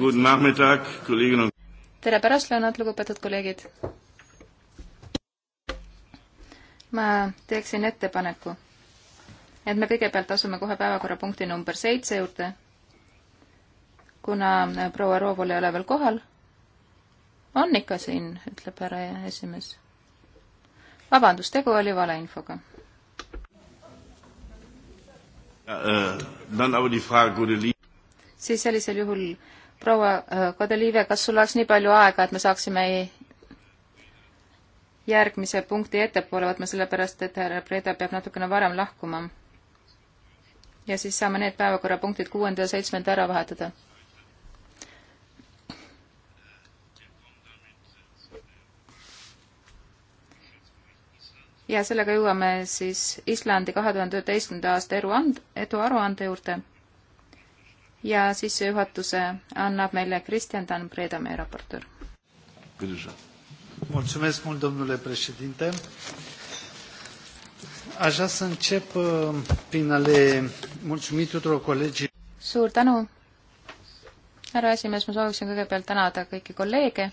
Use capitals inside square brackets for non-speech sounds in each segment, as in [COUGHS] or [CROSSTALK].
Guten Nachmittag, kolleegid. tere pärastlõunat, lugupeetud kolleegid. ma teeksin ettepaneku, et me kõigepealt asume kohe päevakorrapunkti number seitse juurde, kuna proua Roovol ei ole veel kohal. on ikka siin, ütleb härra esimees. vabandust, tegu oli valeinfoga äh, siis sellisel juhul proua äh, Kodeliive, kas sul oleks nii palju aega, et me saaksime järgmise punkti ettepoole võtma, sellepärast et härra Breda peab natukene varem lahkuma. ja siis saame need päevakorrapunktid kuuenda ja seitsmenda ära vahetada. ja sellega jõuame siis Islandi kahe tuhande üheteistkümnenda aasta eruand-, eduaruande juurde ja sissejuhatuse annab meile Kristjan Dan Preda, meie raportöör. Mulțumesc mult, domnule președinte. Aș vrea să încep uh, prin a le mulțumi tuturor colegii. Suur tänu, härra esimees, ma sooviksin kõigepealt tänada kõiki kolleege,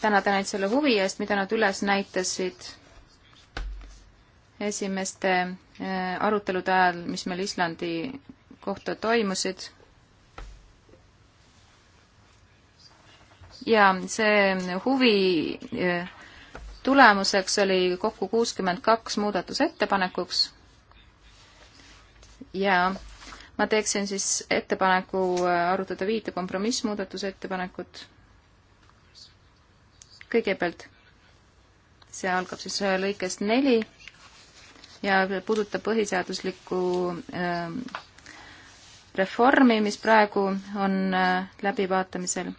tänada neid selle huvi eest, mida nad üles näitasid esimeste äh, arutelude ajal, mis meil Islandi kohta toimusid. ja see huvi eh, tulemuseks oli kokku kuuskümmend kaks muudatusettepanekuks ja ma teeksin siis ettepaneku eh, arutada viite kompromissmuudatusettepanekut. kõigepealt, see algab siis eh, lõikest neli ja puudutab põhiseaduslikku äh, reformi, mis praegu on äh, läbivaatamisel.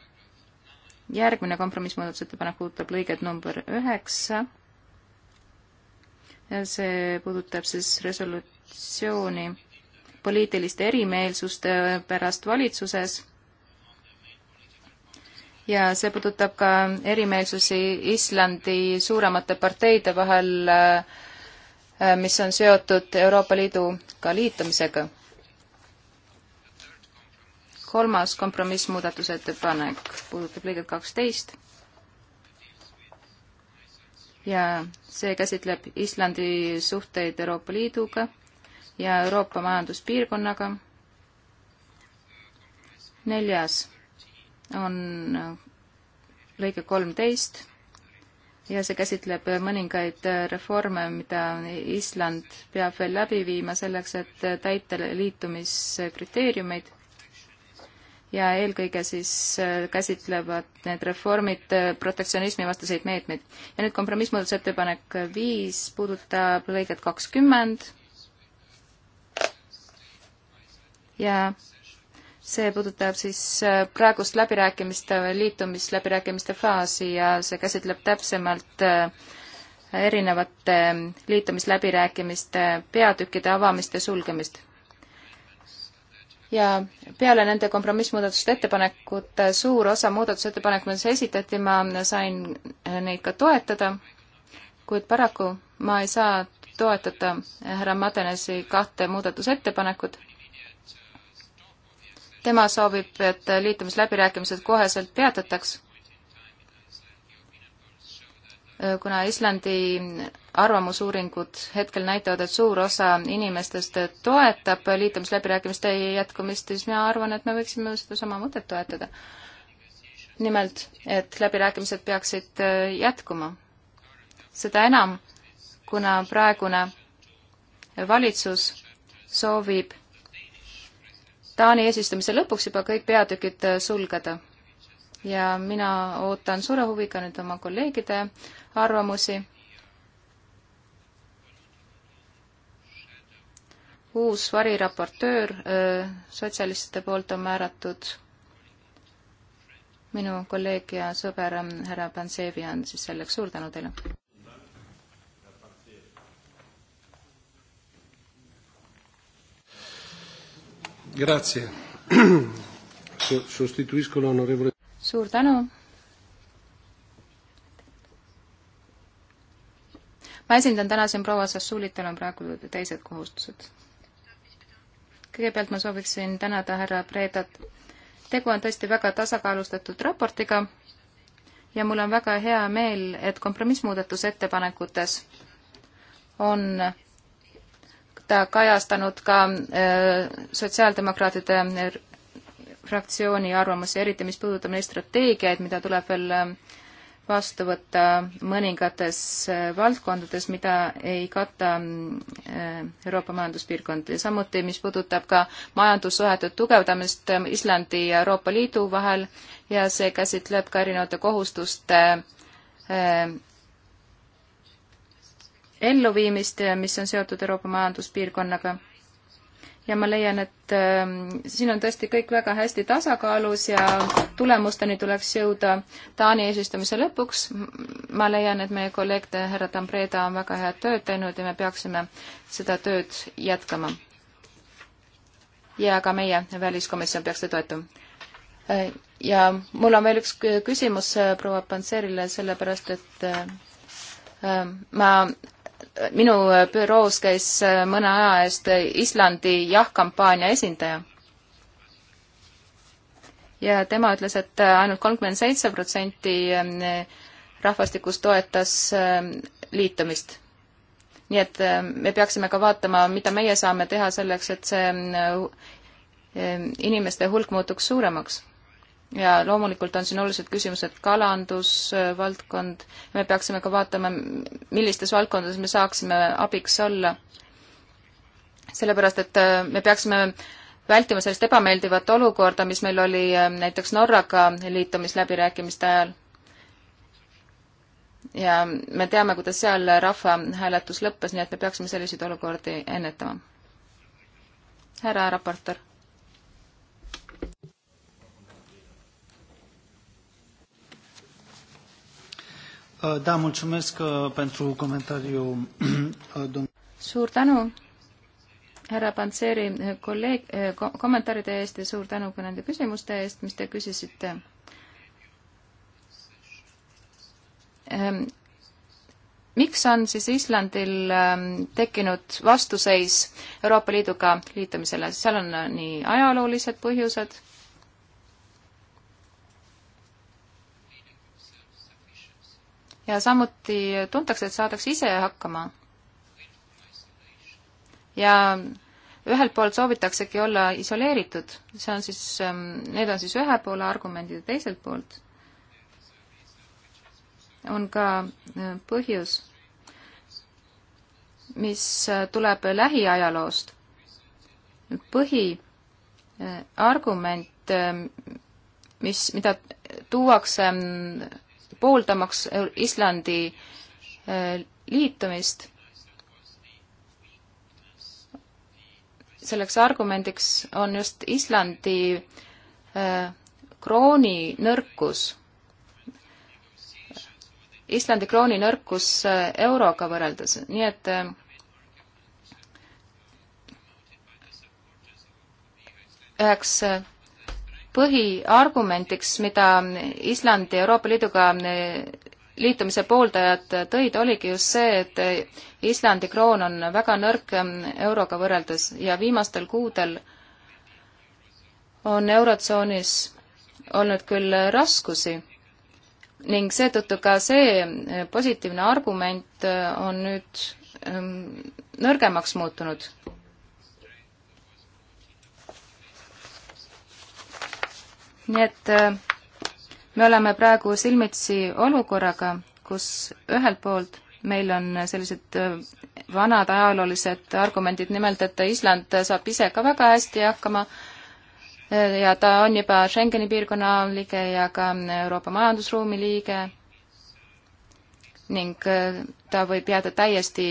järgmine kompromissmuudatusettepanek puudutab lõiget number üheksa ja see puudutab siis resolutsiooni poliitiliste erimeelsuste pärast valitsuses ja see puudutab ka erimeelsusi Islandi suuremate parteide vahel, äh, mis on seotud Euroopa Liiduga liitumisega kolmas kompromissmuudatusettepanek puudutab lõiget kaksteist ja see käsitleb Islandi suhteid Euroopa Liiduga ja Euroopa Majanduspiirkonnaga. neljas on lõige kolmteist ja see käsitleb mõningaid reforme, mida Island peab veel läbi viima selleks, et täita liitumiskriteeriumeid ja eelkõige siis äh, käsitlevad need reformid äh, protektsionismi vastaseid meetmeid. ja nüüd kompromissmuudatusettepanek viis puudutab lõiget kakskümmend ja see puudutab siis äh, praegust läbirääkimiste või liitumisläbirääkimiste faasi ja see käsitleb täpsemalt erinevate liitumisläbirääkimiste peatükkide avamist ja sulgemist ja peale nende kompromissmuudatuste ettepanekute suur osa muudatusettepanekud, mis esitati, ma sain neid ka toetada, kuid paraku ma ei saa toetada härra Madenesi kahte muudatusettepanekut. tema soovib, et liitumisläbirääkimised koheselt peatataks Äh, kuna Islandi arvamusuuringud hetkel näitavad, et suur osa inimestest toetab liitumisläbirääkimiste jätkumist, siis mina arvan, et me võiksime sedasama mõtet toetada. nimelt, et läbirääkimised peaksid äh, jätkuma. seda enam, kuna praegune valitsus soovib Taani eesistumise lõpuks juba kõik peatükid äh, sulgeda ja mina ootan suure huviga nüüd oma kolleegide arvamusi. uus variraportöör sotsialistide poolt on määratud minu kolleeg ja sõber ähm, härra Pantseevi on siis selleks, suur tänu teile! Grazie. Sostituisco [CLEARS THROAT] l'onorevole suur tänu. ma esindan täna siin proua Sassuulit, tal on praegu teised kohustused. kõigepealt ma sooviksin tänada härra Predat. tegu on tõesti väga tasakaalustatud raportiga ja mul on väga hea meel, et kompromissmuudatusettepanekutes on ta kajastanud ka äh, sotsiaaldemokraatide fraktsiooni arvamusi, eriti mis puudutab neid strateegiaid, mida tuleb veel ähm, vastu võtta mõningates äh, valdkondades, mida ei kata äh, Euroopa Majanduspiirkond ja samuti, mis puudutab ka majandussuhete tugevdamist ähm, Islandi ja Euroopa Liidu vahel ja see käsitleb ka erinevate kohustuste äh, elluviimist, mis on seotud Euroopa Majanduspiirkonnaga ja ma leian, et ähm, siin on tõesti kõik väga hästi tasakaalus ja tulemusteni tuleks jõuda Taani eesistumise lõpuks. ma leian, et meie kolleeg härra Tambreda on väga head tööd teinud ja me peaksime seda tööd jätkama. ja ka meie väliskomisjon peaks seda toetama. Äh, ja mul on veel üks küsimus äh, proua Panserile, sellepärast et äh, ma minu büroos käis äh, mõne aja eest Islandi jah-kampaania esindaja. ja tema ütles, et äh, ainult kolmkümmend seitse protsenti ähm, rahvastikust toetas ähm, liitumist. nii et ähm, me peaksime ka vaatama, mida meie saame teha selleks, et see äh, inimeste hulk muutuks suuremaks ja loomulikult on siin olulised küsimused kalandusvaldkond, äh, me peaksime ka vaatama, millistes valdkondades me saaksime abiks olla. sellepärast, et äh, me peaksime vältima sellist ebameeldivat olukorda, mis meil oli äh, näiteks Norraga liitumisläbirääkimiste ajal. ja me teame, kuidas seal rahvahääletus lõppes, nii et me peaksime selliseid olukordi ennetama. härra raportöör Uh, da, mulțumesc uh, pentru comentariu, [CLEARS THROAT] uh, domnule. Suur tänu, härra Panseri, kolleeg, kommentaaride eest ja suur tänu ka nende küsimuste eest, mis te küsisite. Um, miks on siis Islandil um, tekkinud vastuseis Euroopa Liiduga liitumisele? seal on nii ajaloolised põhjused ja samuti tuntakse, et saadakse ise hakkama. ja ühelt poolt soovitaksegi olla isoleeritud, see on siis, ähm, need on siis ühe poole argumendid ja teiselt poolt on ka äh, põhjus, mis äh, tuleb lähiajaloost. põhiargument, äh, ähm, mis, mida tuuakse ähm, pooldamaks Islandi äh, liitumist. selleks argumendiks on just Islandi äh, krooni nõrkus. Islandi krooni nõrkus äh, euroga võrreldes, nii et üheks põhiargumentiks, mida Islandi Euroopa Liiduga eh, liitumise pooldajad tõid, oligi just see, et Islandi kroon on väga nõrk eh, euroga võrreldes ja viimastel kuudel on Eurotsoonis olnud küll raskusi ning seetõttu ka see eh, positiivne argument on nüüd nõrgemaks muutunud. nii et äh, me oleme praegu silmitsi olukorraga, kus ühelt poolt meil on sellised äh, vanad ajaloolised argumendid, nimelt et Island saab ise ka väga hästi hakkama äh, ja ta on juba Schengeni piirkonna liige ja ka Euroopa majandusruumi liige ning ta võib jääda täiesti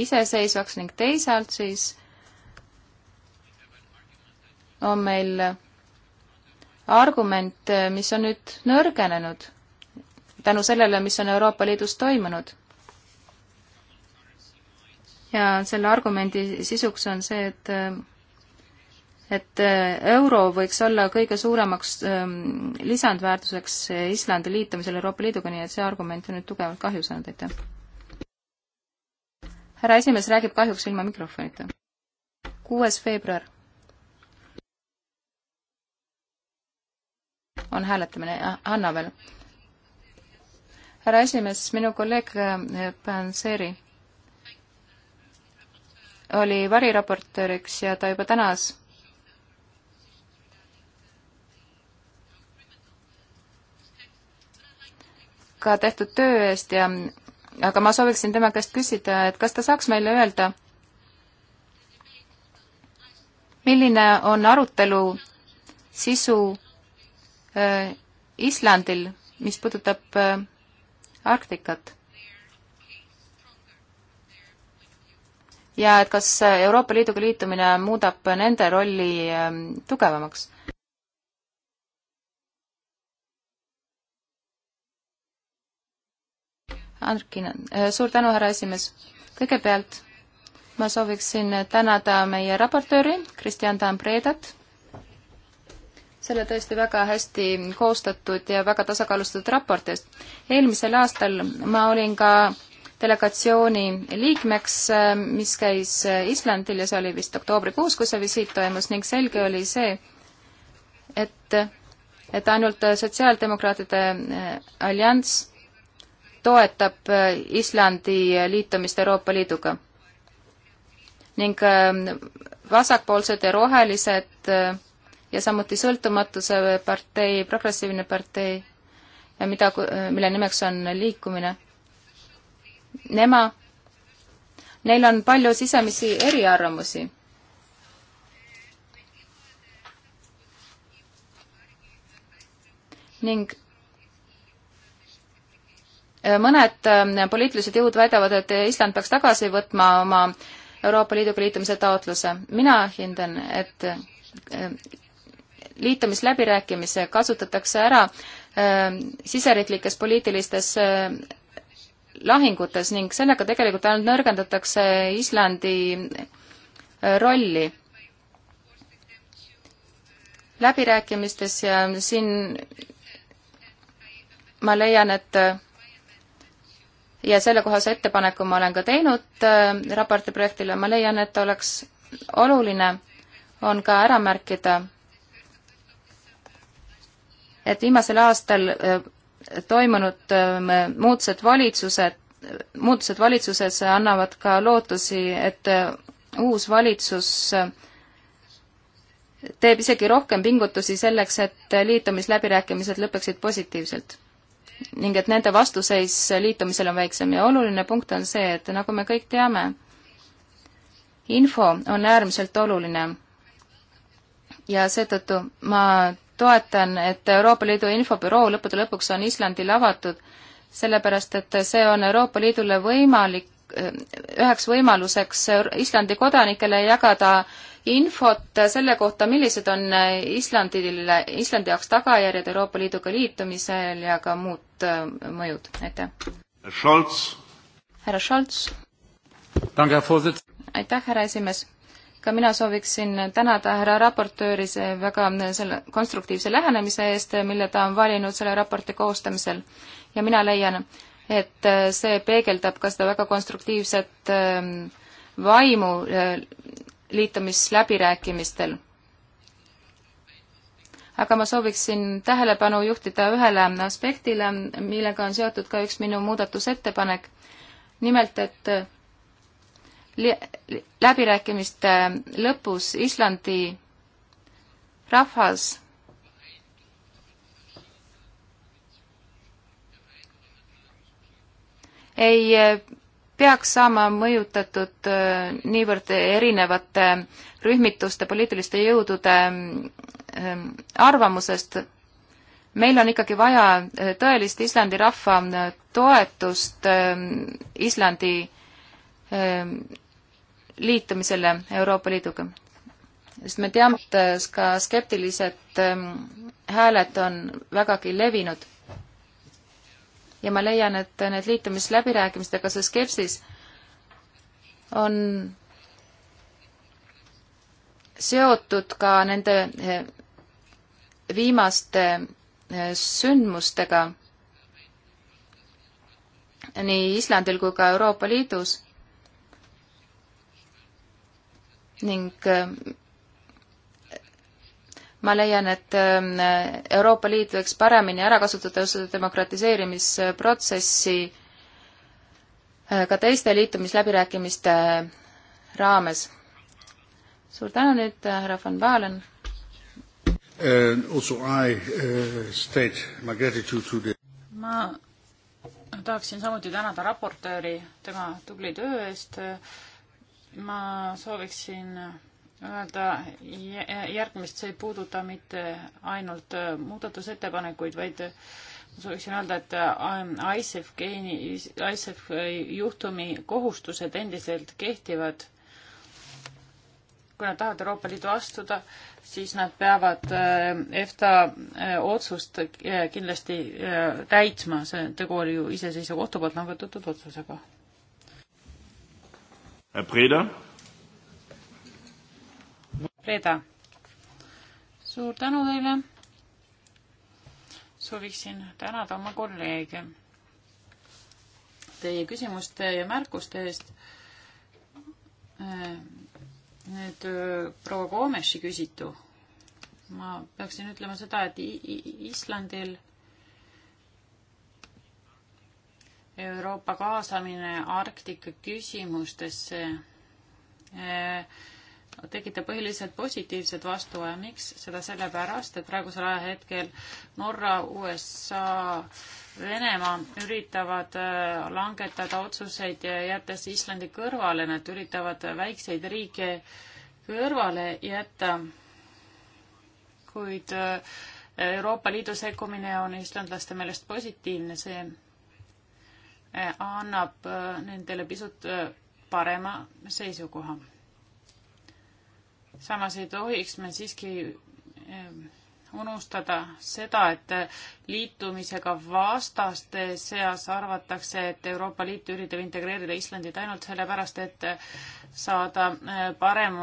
iseseisvaks ning teisalt siis on meil argument, eh, mis on nüüd nõrgenenud tänu sellele, mis on Euroopa Liidus toimunud. ja selle argumendi sisuks on see, et eh, et eh, euro võiks olla kõige suuremaks ähm, lisandväärtuseks Islandi liitumisel Euroopa Liiduga, nii et see argument on nüüd tugevalt kahju saanud, aitäh. härra esimees räägib kahjuks ilma mikrofonita. kuues veebruar on hääletamine. Ah, Anna veel. härra esimees, minu kolleeg eh, Panseri oli variraportööriks ja ta juba tänas ka tehtud töö eest ja aga ma sooviksin tema käest küsida, et kas ta saaks meile öelda, milline on arutelu sisu Äh, Islandil, mis puudutab äh, Arktikat. ja et kas äh, Euroopa Liiduga liitumine muudab nende rolli ähm, tugevamaks? Andrkin, suur tänu, härra esimees. kõigepealt ma sooviksin tänada meie raportööri Kristjan Tamm-Preedat selle tõesti väga hästi koostatud ja väga tasakaalustatud raporti eest. eelmisel aastal ma olin ka delegatsiooni liikmeks, äh, mis käis äh, Islandil ja see oli vist oktoobrikuus, kui see visiit toimus ning selge oli see, et, et ainult äh, Sotsiaaldemokraatide allianss toetab Islandi liitumist Euroopa Liiduga. ning vasakpoolsed ja rohelised ja samuti Sõltumatuse partei, Progressiivne partei, mida, mille nimeks on liikumine. Nema, neil on palju sisemisi eriarvamusi. ning äh, mõned äh, poliitilised jõud väidavad, et Island peaks tagasi võtma oma Euroopa Liiduga liitumise taotluse. mina hindan, et äh, liitumisläbirääkimisi kasutatakse ära ähm, siseriiklikes poliitilistes äh, lahingutes ning sellega tegelikult ainult nõrgendatakse Islandi äh, rolli läbirääkimistes ja siin ma leian, et äh, ja sellekohase ettepaneku ma olen ka teinud raporti projektile, ma leian, et oleks oluline on ka ära märkida et viimasel aastal äh, toimunud äh, muutused valitsused, muutused valitsuses annavad ka lootusi, et äh, uus valitsus teeb isegi rohkem pingutusi selleks, et liitumisläbirääkimised lõpeksid positiivselt. ning et nende vastuseis liitumisel on väiksem ja oluline punkt on see, et nagu me kõik teame, info on äärmiselt oluline ja seetõttu ma toetan, et Euroopa Liidu infobüroo lõppude lõpuks on Islandil avatud, sellepärast et see on Euroopa Liidule võimalik, üheks võimaluseks Islandi kodanikele jagada infot selle kohta, millised on Islandile, Islandi jaoks tagajärjed Euroopa Liiduga liitumisel ja ka muud äh, mõjud, aitäh. härra Scholz. aitäh, härra esimees ka mina sooviksin tänada härra raportööri see väga selle konstruktiivse lähenemise eest, mille ta on valinud selle raporti koostamisel. ja mina leian, et see peegeldab ka seda väga konstruktiivset ähm, vaimu äh, liitumisläbirääkimistel. aga ma sooviksin tähelepanu juhtida ühele aspektile, millega on seotud ka üks minu muudatusettepanek. nimelt, et läbirääkimiste lõpus Islandi rahvas ei eh, peaks saama mõjutatud eh, niivõrd erinevate rühmituste, poliitiliste jõudude ehm, arvamusest. meil on ikkagi vaja eh, tõelist Islandi rahva toetust ehm, Islandi Ähm, liitumisele Euroopa Liiduga. sest me teame, et äh, ka skeptilised ähm, hääled on vägagi levinud. ja ma leian, et äh, need liitumisläbirääkimised, aga see skepsis on seotud ka nende äh, viimaste sündmustega nii Islandil kui ka Euroopa Liidus ning äh, ma leian, et äh, Euroopa Liit võiks paremini ära kasutada just seda demokratiseerimisprotsessi äh, ka teiste liitumisläbirääkimiste raames. suur tänu nüüd, härra von Valen. ma tahaksin samuti tänada raportööri tema tubli töö eest ma sooviksin öelda järgmist, see ei puuduta mitte ainult muudatusettepanekuid, vaid ma sooviksin öelda, et ICEF geeni, ICEF juhtumi kohustused endiselt kehtivad. kui nad tahavad Euroopa Liidu astuda, siis nad peavad äh, EFTA äh, otsust äh, kindlasti täitma, see tegu oli ju iseseisva kohtu poolt langetatud otsusega Herr Preda. Preda, suur tänu teile. sooviksin tänada oma kolleege teie küsimuste ja märkuste eest. Äh, nüüd äh, proua Koomeši küsitu. ma peaksin ütlema seda, et Islandil Euroopa kaasamine Arktika küsimustesse eh, tekitab põhiliselt positiivset vastuaja. miks? seda sellepärast, et praegusel ajahetkel Norra, USA, Venemaa üritavad eh, langetada otsuseid, jättes Islandi kõrvale, nad üritavad väikseid riike kõrvale jätta, kuid eh, Euroopa Liidu sekkumine on islandlaste meelest positiivne, see annab äh, nendele pisut äh, parema seisukoha. samas ei tohiks me siiski ähm, unustada seda, et äh, liitumisega vastaste seas arvatakse, et Euroopa Liit üritab integreerida Islandit ainult sellepärast, et saada parem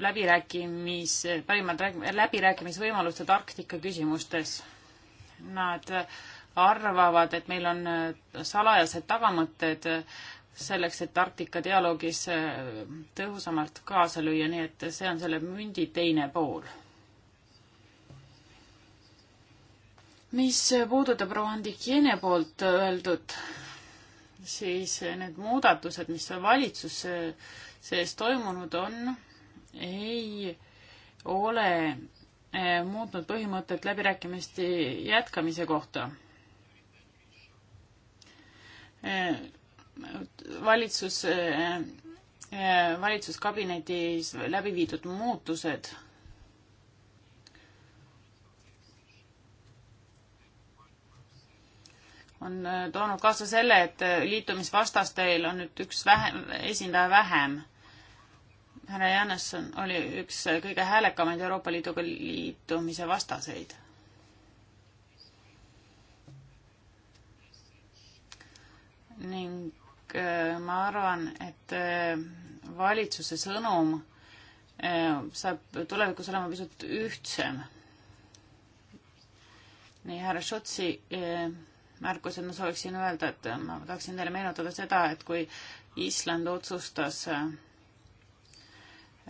läbirääkimis, parimad läbirääkimisvõimalused Arktika küsimustes. Nad äh, arvavad, et meil on äh, salajased tagamõtted äh, selleks, et Arktika dialoogis äh, tõhusamalt kaasa lüüa, nii et see on selle mündi teine pool. mis puudutab Rohandikiene poolt öeldud, siis need muudatused, mis valitsus sees toimunud on, ei ole muutnud põhimõtet läbirääkimiste jätkamise kohta Äh, valitsus, äh, äh, valitsuskabinetis läbi viidud muutused. on toonud kaasa selle, et liitumisvastastel on nüüd üks vähe, esindaja vähem. härra Jannesson oli üks kõige häälekamaid Euroopa Liiduga liitumise vastaseid ning äh, ma arvan, et äh, valitsuse sõnum äh, saab tulevikus olema pisut ühtsem. nii, härra Šotsi märkused, ma sooviksin öelda, et ma tahaksin teile meenutada seda, et kui Island otsustas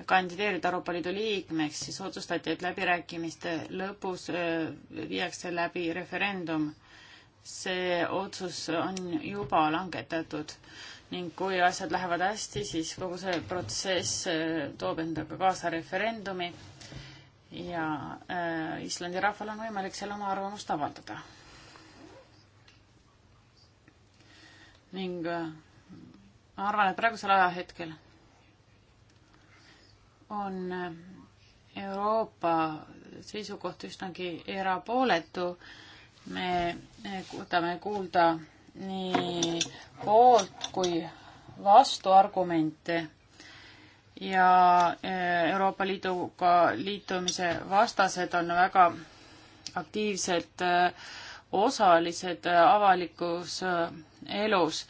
kandideerida Euroopa Liidu liikmeks, siis otsustati, et läbirääkimiste lõpus viiakse läbi referendum see otsus on juba langetatud ning kui asjad lähevad hästi, siis kogu see protsess äh, toob endaga kaasa referendumi ja äh, Islandi rahval on võimalik seal oma arvamust avaldada. ning äh, ma arvan, et praegusel ajahetkel on äh, Euroopa seisukoht üsnagi erapooletu äh, me võtame kuulda nii poolt kui vastuargumente ja eh, Euroopa Liiduga liitumise vastased on väga aktiivsed eh, osalised eh, avalikus elus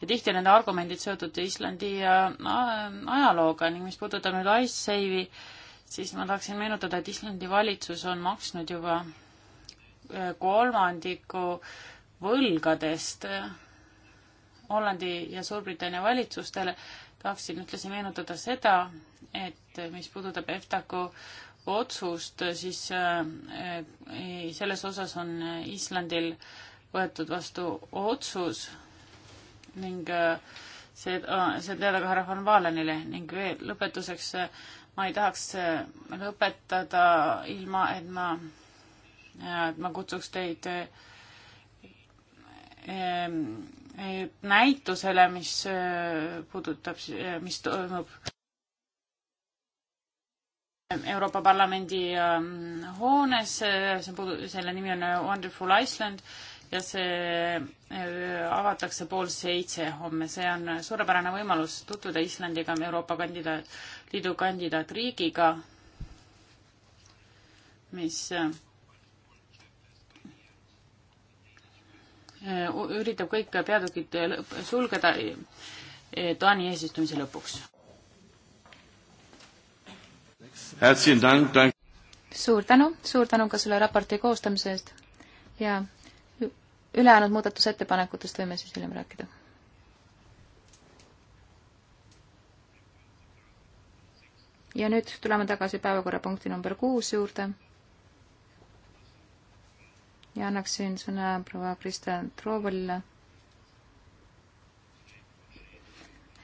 ja tihti nende argumendid seotud Islandi ajalooga ning mis puudutab nüüd Icesave'i, siis ma tahaksin meenutada, et Islandi valitsus on maksnud juba kolmandiku võlgadest Hollandi ja Suurbritannia valitsustele, tahaksin ühtlasi meenutada seda, et mis puudutab EFTACO otsust, siis äh, selles osas on Islandil võetud vastu otsus ning äh, see, äh, see on teada ka härra von Valenile ning veel lõpetuseks ma ei tahaks lõpetada ilma, et ma ma kutsuks teid äh, ähm, äh, näitusele, mis äh, puudutab, mis toimub Euroopa Parlamendi ähm, hoones, see puudu-, selle nimi on Wonderful Iceland ja see avatakse pool seitse homme, see on suurepärane võimalus tutvuda Islandiga, Euroopa kandidaat, liidu kandidaatriigiga, mis Äh, üritab kõik peatükid äh, sulgeda äh, Taani eesistumise lõpuks. suur tänu, suur tänu ka selle raporti koostamise eest ja ülejäänud muudatusettepanekutest võime siis hiljem rääkida. ja nüüd tuleme tagasi päevakorrapunkti number kuus juurde ja annaksin sõna proua Krista Troovalile,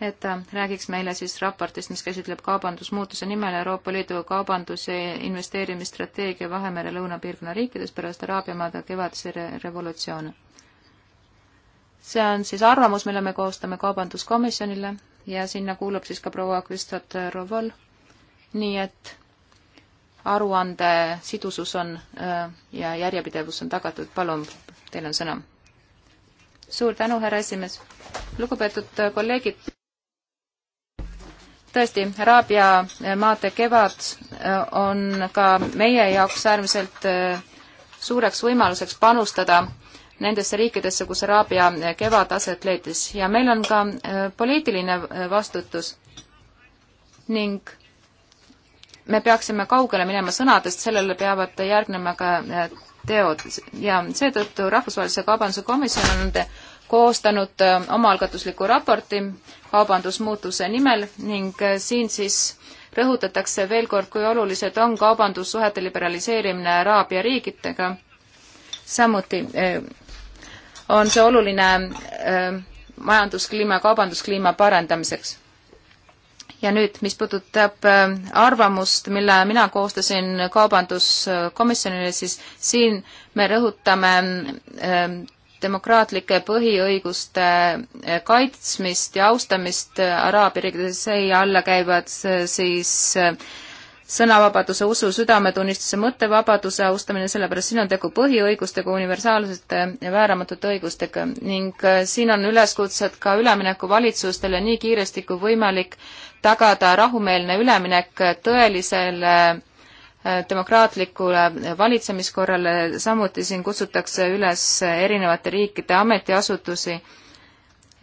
et ta räägiks meile siis raportist, mis käsitleb kaubandusmuutuse nimel Euroopa Liidu kaubandus- ja investeerimisstrateegia Vahemere lõunapiirkonna riikides pärast Araabia maade kevadise revolutsioone. see on siis arvamus, mille me koostame Kaubanduskomisjonile ja sinna kuulub siis ka proua Krista Troovol, nii et aruande sidusus on äh, ja järjepidevus on tagatud. palun, teil on sõna. suur tänu, härra esimees. lugupeetud äh, kolleegid. tõesti, Araabia äh, maade kevad on ka meie jaoks äärmiselt suureks võimaluseks panustada nendesse riikidesse, kus Araabia kevad aset leidis ja meil on ka poliitiline vastutus ning me peaksime kaugele minema sõnadest, sellele peavad järgnema ka eh, teod ja seetõttu Rahvusvahelise Kaubanduse Komisjon on koostanud eh, omaalgatusliku raporti kaubandusmuutuse nimel ning eh, siin siis rõhutatakse veel kord, kui olulised on kaubandussuhete liberaliseerimine Araabia riigitega. samuti on see oluline majanduskliima, kaubanduskliima parandamiseks ja nüüd, mis puudutab äh, arvamust, mille mina koostasin Kaubanduskomisjonile, siis siin me rõhutame ähm, demokraatlike põhiõiguste äh, kaitsmist ja austamist äh, Araabia riikides, siia alla käivad siis sõnavabaduse, usu, südametunnistuse, mõttevabaduse austamine, sellepärast siin on tegu põhiõigustega, universaalsete ja vääramatute õigustega ning siin on üleskutsed ka üleminekuvalitsustele nii kiiresti kui võimalik tagada rahumeelne üleminek tõelisele äh, demokraatlikule valitsemiskorrale, samuti siin kutsutakse üles erinevate riikide ametiasutusi,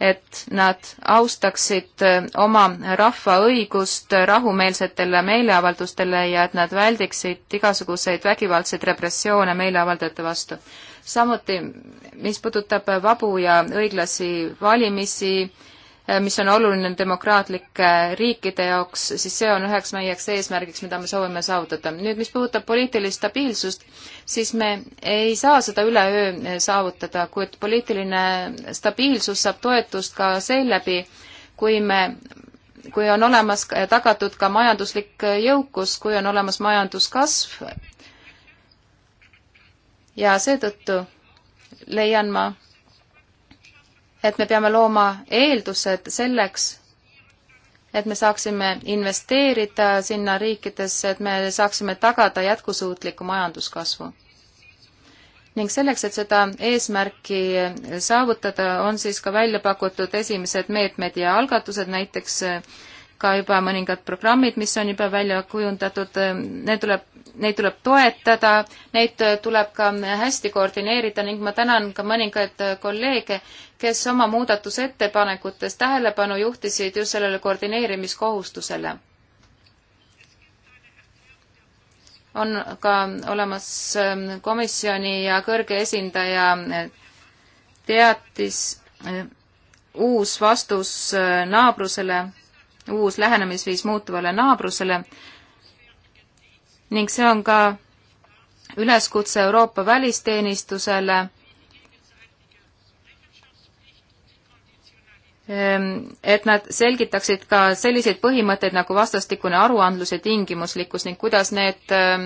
et nad austaksid äh, oma rahva õigust rahumeelsetele meeleavaldustele ja et nad väldiksid igasuguseid vägivaldseid repressioone meeleavaldajate vastu. samuti, mis puudutab vabu ja õiglasi valimisi, Äh, mis on oluline demokraatlike riikide jaoks, siis see on üheks meieks eesmärgiks, mida me soovime saavutada. nüüd, mis puudutab poliitilist stabiilsust, siis me ei saa seda üleöö äh, saavutada, kuid poliitiline stabiilsus saab toetust ka seeläbi, kui me kui on olemas tagatud ka majanduslik äh, jõukus, kui on olemas majanduskasv ja seetõttu leian ma, et me peame looma eeldused selleks, et me saaksime investeerida sinna riikidesse, et me saaksime tagada jätkusuutliku majanduskasvu. ning selleks, et seda eesmärki saavutada, on siis ka välja pakutud esimesed meetmed ja algatused, näiteks ka juba mõningad programmid, mis on juba välja kujundatud, need tuleb, neid tuleb toetada, neid tuleb ka hästi koordineerida ning ma tänan ka mõningaid kolleege, kes oma muudatusettepanekutes tähelepanu juhtisid just sellele koordineerimiskohustusele. on ka olemas ähm, komisjoni ja kõrge esindaja teatis äh, uus vastus äh, naabrusele, uus lähenemisviis muutuvale naabrusele ning see on ka üleskutse Euroopa välisteenistusele Ehm, et nad selgitaksid ka selliseid põhimõtteid nagu vastastikune aruandlus ja tingimuslikkus ning kuidas need ehm,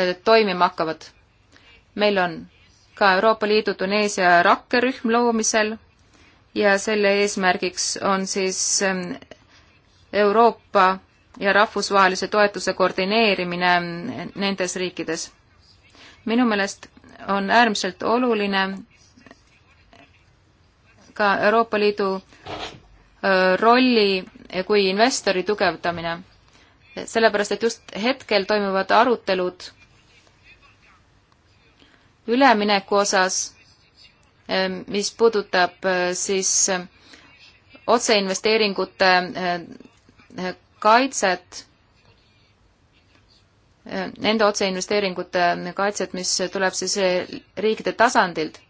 eh, toimima hakkavad. meil on ka Euroopa Liidu Tuneesia rakkerühm loomisel ja selle eesmärgiks on siis ehm, Euroopa ja rahvusvahelise toetuse koordineerimine nendes riikides. minu meelest on äärmiselt oluline ka Euroopa Liidu rolli kui investori tugevdamine. sellepärast, et just hetkel toimuvad arutelud ülemineku osas, mis puudutab siis otseinvesteeringute kaitset, nende otseinvesteeringute kaitset, mis tuleb siis riikide tasandilt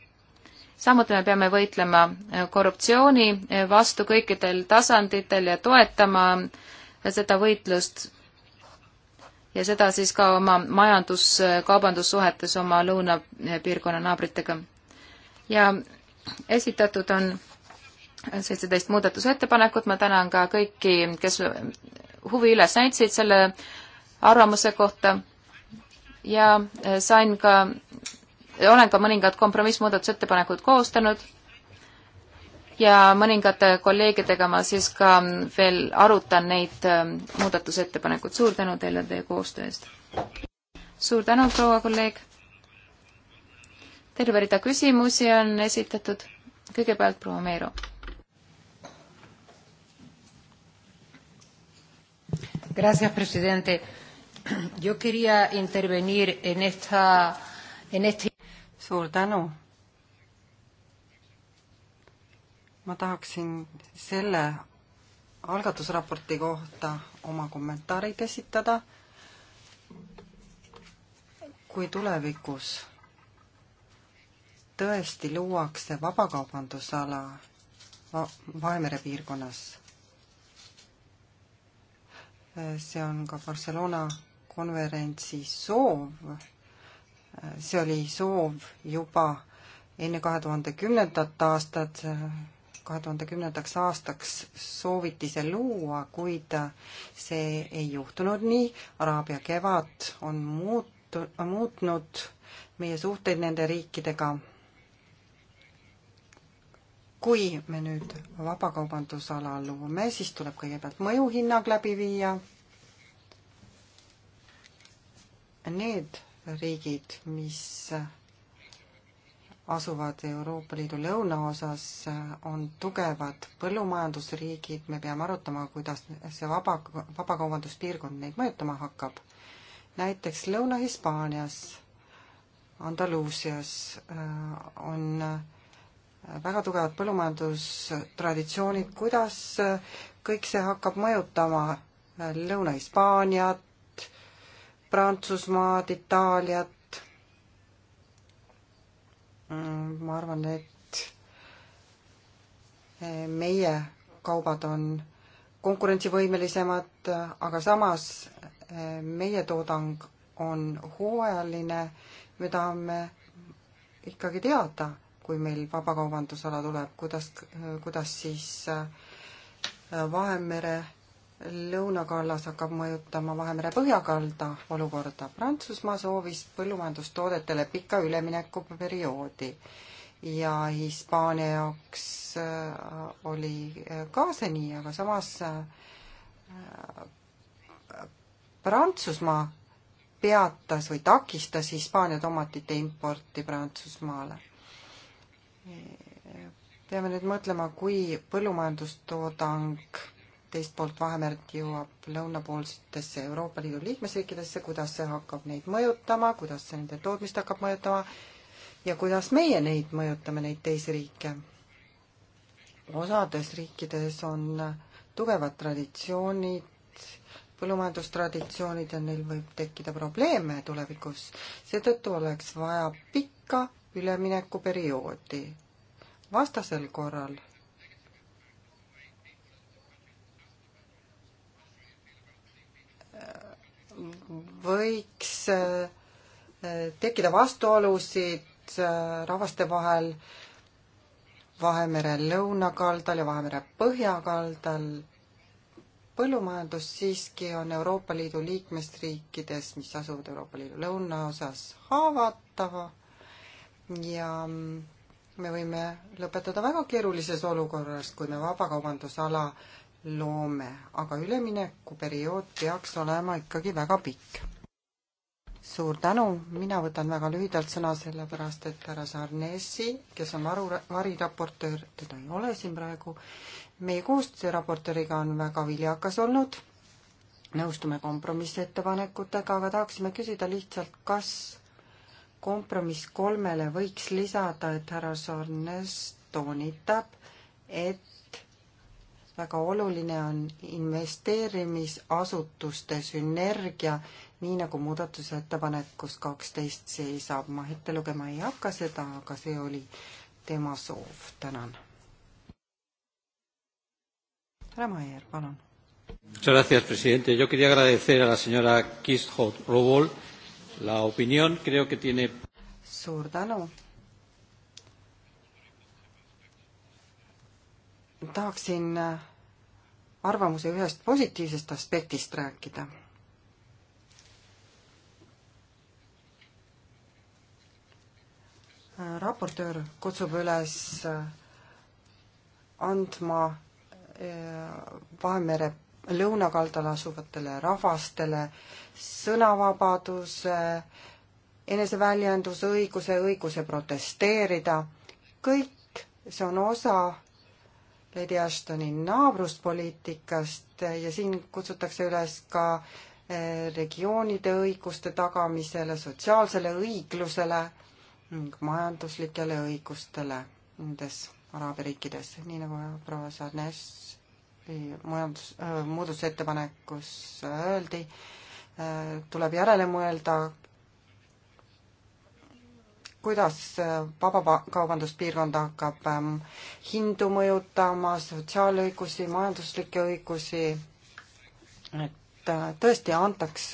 samuti me peame võitlema äh, korruptsiooni äh, vastu kõikidel tasanditel ja toetama äh, seda võitlust ja seda siis ka oma majandus-kaubandussuhetes oma lõunapiirkonna naabritega. ja esitatud on seitseteist muudatusettepanekut, ma tänan ka kõiki, kes huvi üles näitasid selle arvamuse kohta ja sain ka olen ka mõningad kompromissmuudatusettepanekud koostanud ja mõningate kolleegidega ma siis ka veel arutan neid ähm, muudatusettepanekud. suur tänu teile teie koostöö eest! suur tänu, proua kolleeg! terve rida küsimusi on esitatud. kõigepealt proua Meero. Gracias, presidente. Yo quería intervenir en esta, en este suur tänu. ma tahaksin selle algatusraporti kohta oma kommentaarid esitada. kui tulevikus tõesti luuakse vabakaubandusala Vaemere piirkonnas, see on ka Barcelona konverentsi soov see oli soov juba enne kahe tuhande kümnendat aastat, kahe tuhande kümnendaks aastaks sooviti see luua, kuid see ei juhtunud nii. Araabia kevad on muutu-, muutnud meie suhteid nende riikidega. kui me nüüd vabakaubandusala loome, siis tuleb kõigepealt mõjuhinnang läbi viia. Need riigid, mis asuvad Euroopa Liidu lõunaosas, on tugevad põllumajandusriigid, me peame arutama, kuidas see vaba, vabakaubanduspiirkond neid mõjutama hakkab. näiteks Lõuna-Hispaanias, Andaluusias äh, on äh, väga tugevad põllumajandustraditsioonid, kuidas äh, kõik see hakkab mõjutama Lõuna-Hispaaniat, Prantsusmaad, Itaaliat. Mm, ma arvan, et eh, meie kaubad on konkurentsivõimelisemad, aga samas eh, meie toodang on hooajaline, me tahame ikkagi teada, kui meil vabakaubandusala tuleb, kuidas, eh, kuidas siis Vahemere lõunakallas hakkab mõjutama Vahemere põhjakalda olukorda. Prantsusmaa soovis põllumajandustoodetele pika üleminekuperioodi ja Hispaania jaoks äh, oli äh, ka see nii, aga samas äh, Prantsusmaa peatas või takistas Hispaania tomatite importi Prantsusmaale. peame nüüd mõtlema, kui põllumajandustoodang teist poolt Vahemerd jõuab lõunapoolsetesse Euroopa Liidu liikmesriikidesse, kuidas see hakkab neid mõjutama, kuidas see nende tootmist hakkab mõjutama ja kuidas meie neid mõjutame, neid teisi riike. osades riikides on tugevad traditsioonid, põllumajandustraditsioonid ja neil võib tekkida probleeme tulevikus. seetõttu oleks vaja pikka üleminekuperioodi. vastasel korral võiks äh, tekkida vastuolusid äh, rahvaste vahel Vahemere lõunakaldal ja Vahemere põhjakaldal. põllumajandus siiski on Euroopa Liidu liikmesriikides, mis asuvad Euroopa Liidu lõunaosas, haavatav ja mm, me võime lõpetada väga keerulises olukorras, kui me vabakaubandusala loome, aga üleminekuperiood peaks olema ikkagi väga pikk. suur tänu, mina võtan väga lühidalt sõna, sellepärast et härra Sarnesi, kes on varu, variraportöör, teda ei ole siin praegu, meie koostöö raportööriga on väga viljakas olnud, nõustume kompromissettepanekutega, aga tahaksime küsida lihtsalt, kas kompromiss kolmele võiks lisada, et härra Sarnes toonitab, et väga oluline on investeerimisasutuste sünergia, nii nagu muudatusettepanekus kaksteist seisab. ma ette lugema ei hakka seda, aga see oli tema soov. tänan. härra Maier, palun. Muchas gracias, presidente. Yo quería agradecer a la señora Kishot Robol la opinión. Creo que tiene. Suur tänu tahaksin äh, arvamuse ühest positiivsest aspektist rääkida. Äh, raportöör kutsub üles äh, andma Vahemere lõunakaldal asuvatele rahvastele sõnavabaduse, eneseväljendusõiguse, õiguse protesteerida, kõik see on osa Lady Ashtoni naabruspoliitikast ja siin kutsutakse üles ka eh, regioonide õiguste tagamisele, sotsiaalsele õiglusele ning majanduslikele õigustele nendes araabia riikides, nii nagu proua Sarnes eh, majandus äh,, muudatusettepanekus öeldi äh,, tuleb järele mõelda, kuidas äh, vabakaubanduspiirkond hakkab ähm, hindu mõjutama, sotsiaalõigusi, majanduslikke õigusi, et äh, tõesti antaks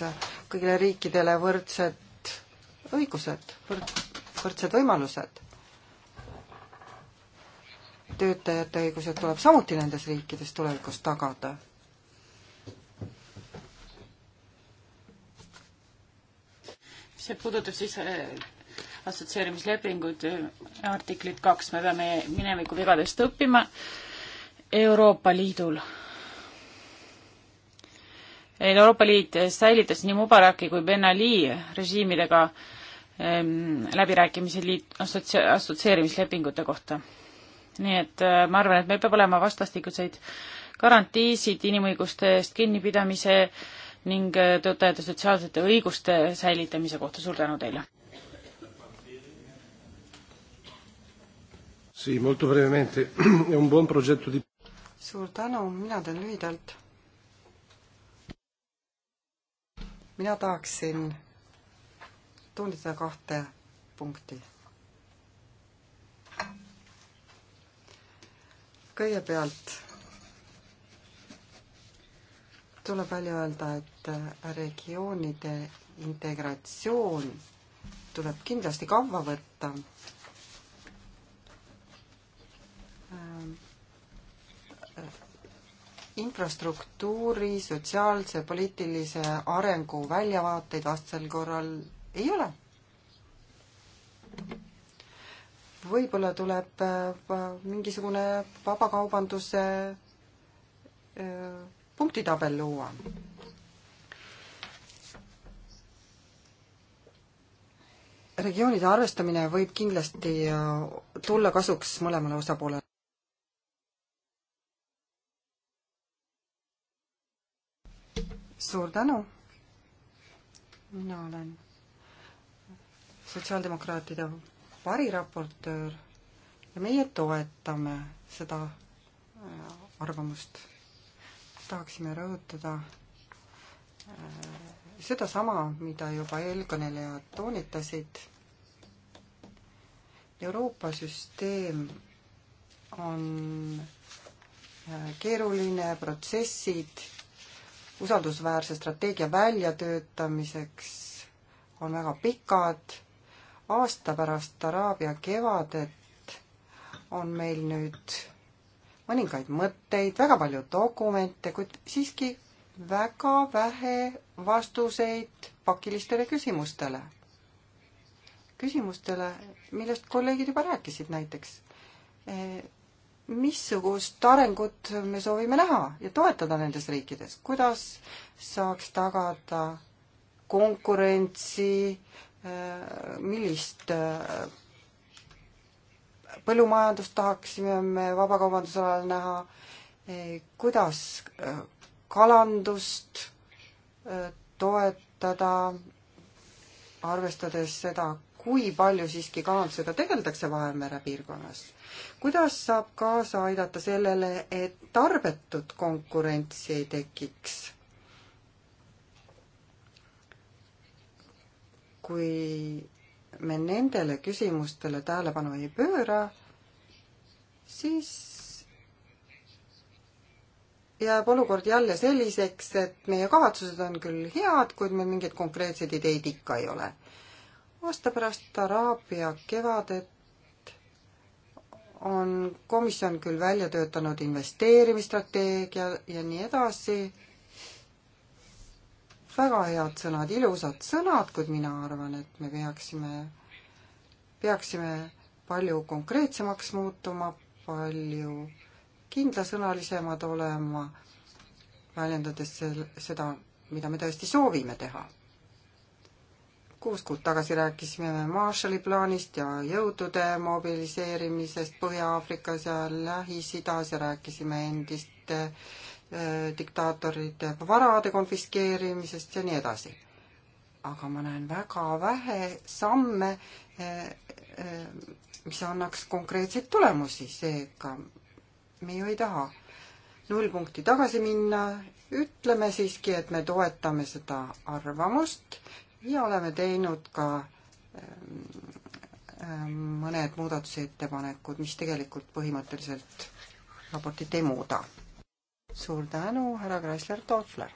kõigile riikidele võrdsed õigused, võrd-, võrdsed võimalused. töötajate õigused tuleb samuti nendes riikides tulevikus tagada see puudutab siis äh, assotsieerimislepingut, artiklit kaks, me peame mineviku vigadest õppima Euroopa Liidul. Euroopa Liit säilitas nii Mubaraki kui Ben Ali režiimidega ähm, läbirääkimisi liit, assotsia-, assotsieerimislepingute kohta. nii et äh, ma arvan, et meil peab olema vastastikuseid garantiisid inimõiguste eest kinnipidamise ning äh, töötajate sotsiaalsete õiguste säilitamise kohta, suur tänu teile! Sì, molto brevemente. [CLEARS THROAT] È un buon progetto di... Suur tänu, mina teen lühidalt. mina tahaksin toonitada kahte punkti. kõigepealt tuleb välja öelda, et regioonide integratsioon tuleb kindlasti kavva võtta Äh, äh, infrastruktuuri, sotsiaalse, poliitilise arengu väljavaateid vastasel korral ei ole. võib-olla tuleb äh, mingisugune vabakaubanduse punktitabel luua. regioonide arvestamine võib kindlasti tulla kasuks mõlemale osapoolele. suur tänu. mina olen sotsiaaldemokraatide variraportöör ja meie toetame seda äh, arvamust. tahaksime rõhutada äh, sedasama, mida juba eelkõnelejad toonitasid. Euroopa süsteem on äh, keeruline, protsessid usaldusväärse strateegia väljatöötamiseks on väga pikad. aasta pärast Araabia kevadet on meil nüüd mõningaid mõtteid, väga palju dokumente, kuid siiski väga vähe vastuseid pakilistele küsimustele. küsimustele, millest kolleegid juba rääkisid näiteks eh, missugust arengut me soovime näha ja toetada nendes riikides, kuidas saaks tagada konkurentsi, äh, millist äh, põllumajandust tahaksime me vabakaubandusalal näha, äh, kuidas kalandust toetada, arvestades seda, kui palju siiski kalandusega tegeldakse Vahemere piirkonnas. kuidas saab kaasa aidata sellele, et tarbetut konkurentsi ei tekiks? kui me nendele küsimustele tähelepanu ei pööra, siis jääb olukord jälle selliseks, et meie kavatsused on küll head, kuid meil mingeid konkreetseid ideid ikka ei ole aasta pärast Araabia kevadet on komisjon küll välja töötanud investeerimisstrateegia ja nii edasi, väga head sõnad, ilusad sõnad, kuid mina arvan, et me peaksime, peaksime palju konkreetsemaks muutuma, palju kindlasõnalisemad olema, väljendades seda, mida me tõesti soovime teha kuus kuud tagasi rääkisime Marshalli plaanist ja jõudude mobiliseerimisest Põhja-Aafrikas ja Lähis-Idas ja rääkisime endiste äh, diktaatorite varade konfiskeerimisest ja nii edasi. aga ma näen väga vähe samme, äh, äh, mis annaks konkreetseid tulemusi, seega me ju ei taha nullpunkti tagasi minna, ütleme siiski, et me toetame seda arvamust ja oleme teinud ka ähm, ähm, mõned muudatusettepanekud, mis tegelikult põhimõtteliselt raportit ei muuda. suur tänu, härra Kressler-Tootler!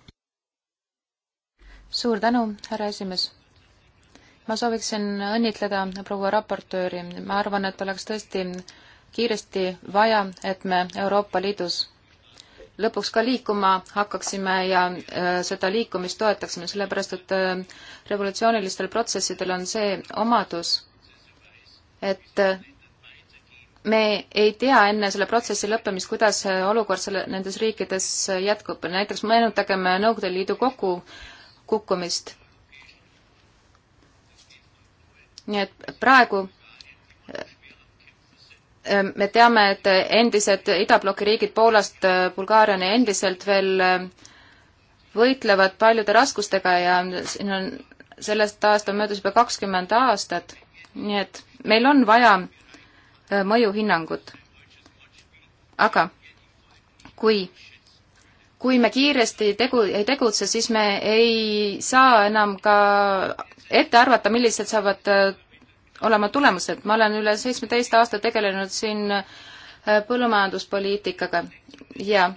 suur tänu, härra esimees! ma sooviksin õnnitleda proua raportööri, ma arvan, et oleks tõesti kiiresti vaja, et me Euroopa Liidus lõpuks ka liikuma hakkaksime ja äh, seda liikumist toetaksime, sellepärast et äh, revolutsioonilistel protsessidel on see omadus, et äh, me ei tea enne selle protsessi lõppemist, kuidas olukord selle, nendes riikides jätkub. näiteks meenutagem Nõukogude Liidu kokku kukkumist. nii et praegu Ehm, me teame, et endised idabloki riigid Poolast äh, Bulgaariani endiselt veel äh, võitlevad paljude raskustega ja siin on, sellest ajast on möödas juba kakskümmend aastat, nii et meil on vaja äh, mõjuhinnangut. aga kui, kui me kiiresti tegu, ei tegutse, siis me ei saa enam ka ette arvata, millised saavad olema tulemused. ma olen üle seitsmeteist aasta tegelenud siin äh, põllumajanduspoliitikaga ja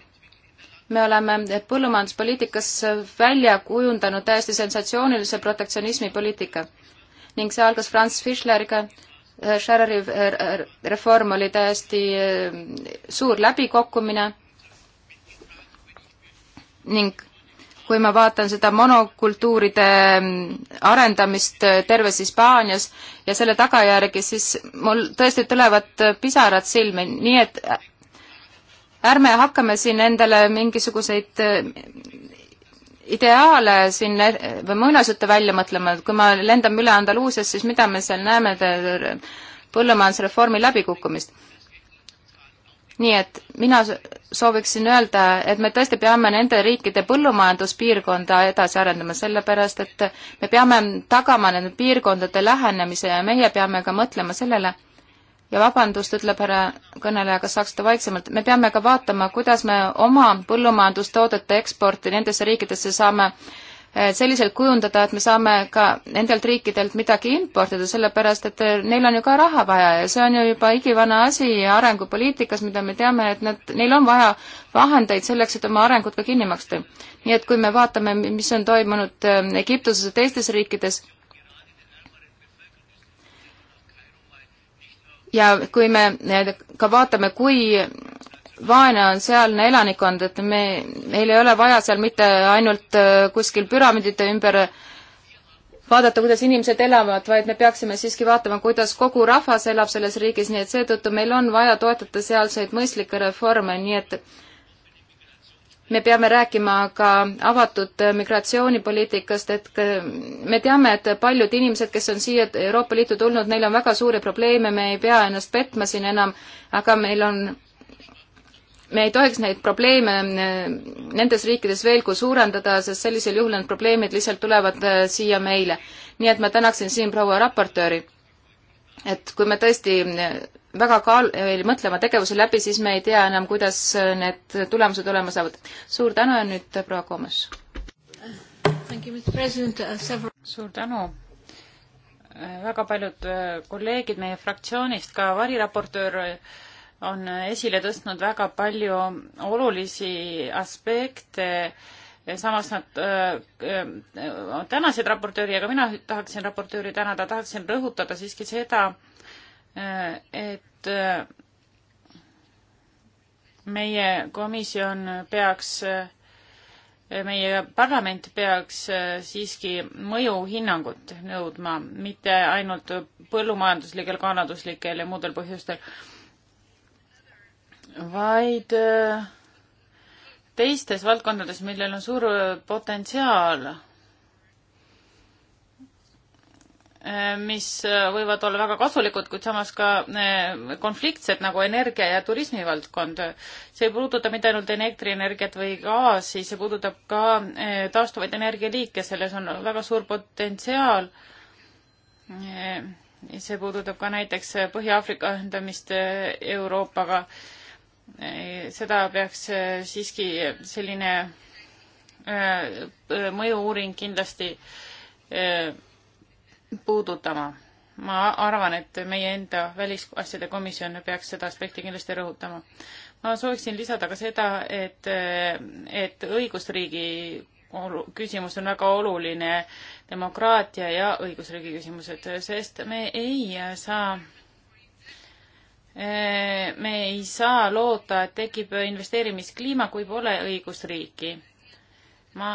me oleme põllumajanduspoliitikas välja kujundanud täiesti sensatsioonilise protektsionismi poliitika ning see algas Franz Fischleriga. Äh, Schereri äh, reform oli täiesti suur läbikokkumine ning kui ma vaatan seda monokultuuride mm, arendamist äh, terves Hispaanias ja selle tagajärgi, siis mul tõesti tulevad äh, pisarad silmi, nii et äh, ärme hakkame siin endale mingisuguseid ideaale siin või muinasjutte välja mõtlema, et kui me lendame üle Andaluusias, siis mida me seal näeme põllumajandusreformi läbikukkumist. nii et mina sooviksin öelda, et me tõesti peame nende riikide põllumajanduspiirkonda edasi arendama, sellepärast et me peame tagama nende piirkondade lähenemise ja meie peame ka mõtlema sellele, ja vabandust, ütleb härra kõneleja, kas saaksite vaiksemalt, me peame ka vaatama, kuidas me oma põllumajandustoodete eksporti nendesse riikidesse saame äh, Eh, selliselt kujundada, et me saame ka nendelt riikidelt midagi importida, sellepärast et eh, neil on ju ka raha vaja ja see on ju juba igivana asi arengupoliitikas, mida me teame, et nad, neil on vaja vahendeid selleks, et oma arengut ka kinni maksta. nii et kui me vaatame, mis on toimunud eh, Egiptuses ja teistes riikides, ja kui me ka vaatame, kui vaene on sealne elanikkond, et me, meil ei ole vaja seal mitte ainult äh, kuskil püramiidide ümber vaadata, kuidas inimesed elavad, vaid me peaksime siiski vaatama, kuidas kogu rahvas elab selles riigis, nii et seetõttu meil on vaja toetada sealseid mõistlikke reforme, nii et me peame rääkima ka avatud migratsioonipoliitikast, et me teame, et paljud inimesed, kes on siia Euroopa Liitu tulnud, neil on väga suuri probleeme, me ei pea ennast petma siin enam, aga meil on me ei tohiks neid probleeme äh, nendes riikides veelgi suurendada, sest sellisel juhul need probleemid lihtsalt tulevad äh, siia meile. nii et ma tänaksin siin proua raportööri. et kui me tõesti äh, väga kaal-, mõtlema tegevuse läbi, siis me ei tea enam, kuidas need tulemused olema saavad. suur tänu ja nüüd proua Koomas. Uh, suur tänu väga paljud kolleegid meie fraktsioonist, ka variraportöör on esile tõstnud väga palju olulisi aspekte, samas nad äh, äh, tänasid raportööri, aga mina tahaksin raportööri tänada, tahaksin rõhutada siiski seda äh,, et äh, meie komisjon peaks, äh, meie parlament peaks äh, siiski mõjuhinnangut nõudma, mitte ainult põllumajanduslikel, kalanduslikel ja muudel põhjustel vaid äh, teistes valdkondades, millel on suur äh, potentsiaal, äh, mis võivad olla väga kasulikud, kuid samas ka konfliktsed nagu energia ja turismivaldkond. see ei puuduta mitte ainult elektrienergiat või gaasi, see puudutab ka taastuvaid energialiike, selles on väga suur potentsiaal. see puudutab ka näiteks Põhja-Aafrika ühendamist Euroopaga Eh, seda peaks eh, siiski selline eh, mõju-uuring kindlasti puudutama. ma arvan, et meie enda välisasjade komisjon peaks seda aspekti kindlasti rõhutama. ma sooviksin lisada ka seda, et, et õigusriigi küsimus on väga oluline, demokraatia ja õigusriigi küsimused, sest me ei saa Äh, me ei saa loota, et tekib investeerimiskliima, kui pole õigusriiki. ma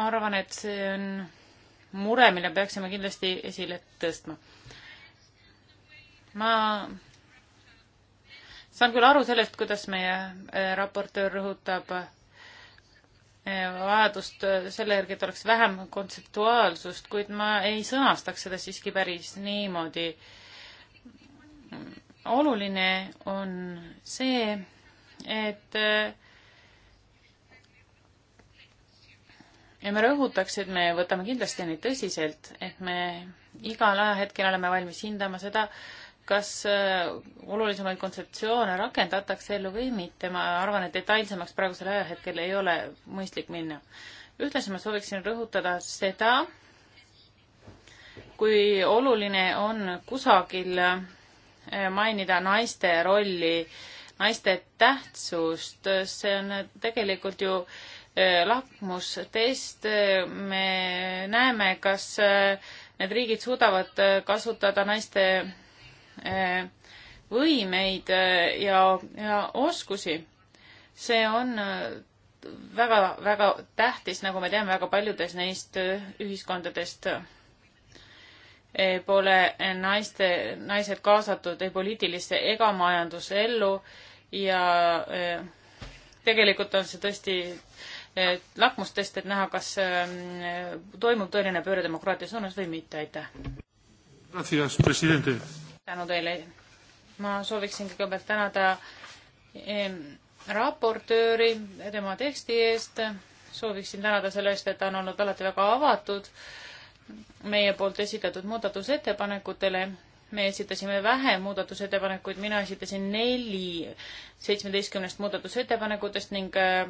arvan, et see on mure, mille peaksime kindlasti esile tõstma. ma saan küll aru sellest, kuidas meie äh, raportöör rõhutab äh, vajadust selle järgi, et oleks vähem kontseptuaalsust, kuid ma ei sõnastaks seda siiski päris niimoodi oluline on see, et ja ma rõhutaks, et me võtame kindlasti neid tõsiselt, et me igal ajahetkel oleme valmis hindama seda, kas äh, olulisemaid kontseptsioone rakendatakse ellu või mitte. ma arvan, et detailsemaks praegusel ajahetkel ei ole mõistlik minna. ühtlasi ma sooviksin rõhutada seda, kui oluline on kusagil mainida naiste rolli, naiste tähtsust, see on tegelikult ju eh, lakmustest, me näeme, kas eh, need riigid suudavad eh, kasutada naiste võimeid ja, ja oskusi. see on väga-väga tähtis, nagu me teame, väga paljudes neist ühiskondadest Eh, pole naiste, naised kaasatud ei poliitilisse ega majandusellu ja eh, tegelikult on see tõesti eh, lakmustest, et näha, kas toimub tõeline pööre demokraatia suunas või mitte, aitäh. tänu teile. ma sooviksin kõigepealt tänada raportööri tema teksti eest, sooviksin tänada selle eest, et ta on olnud alati väga avatud meie poolt esitatud muudatusettepanekutele. me esitasime vähe muudatusettepanekuid, mina esitasin neli seitsmeteistkümnest muudatusettepanekutest ning äh,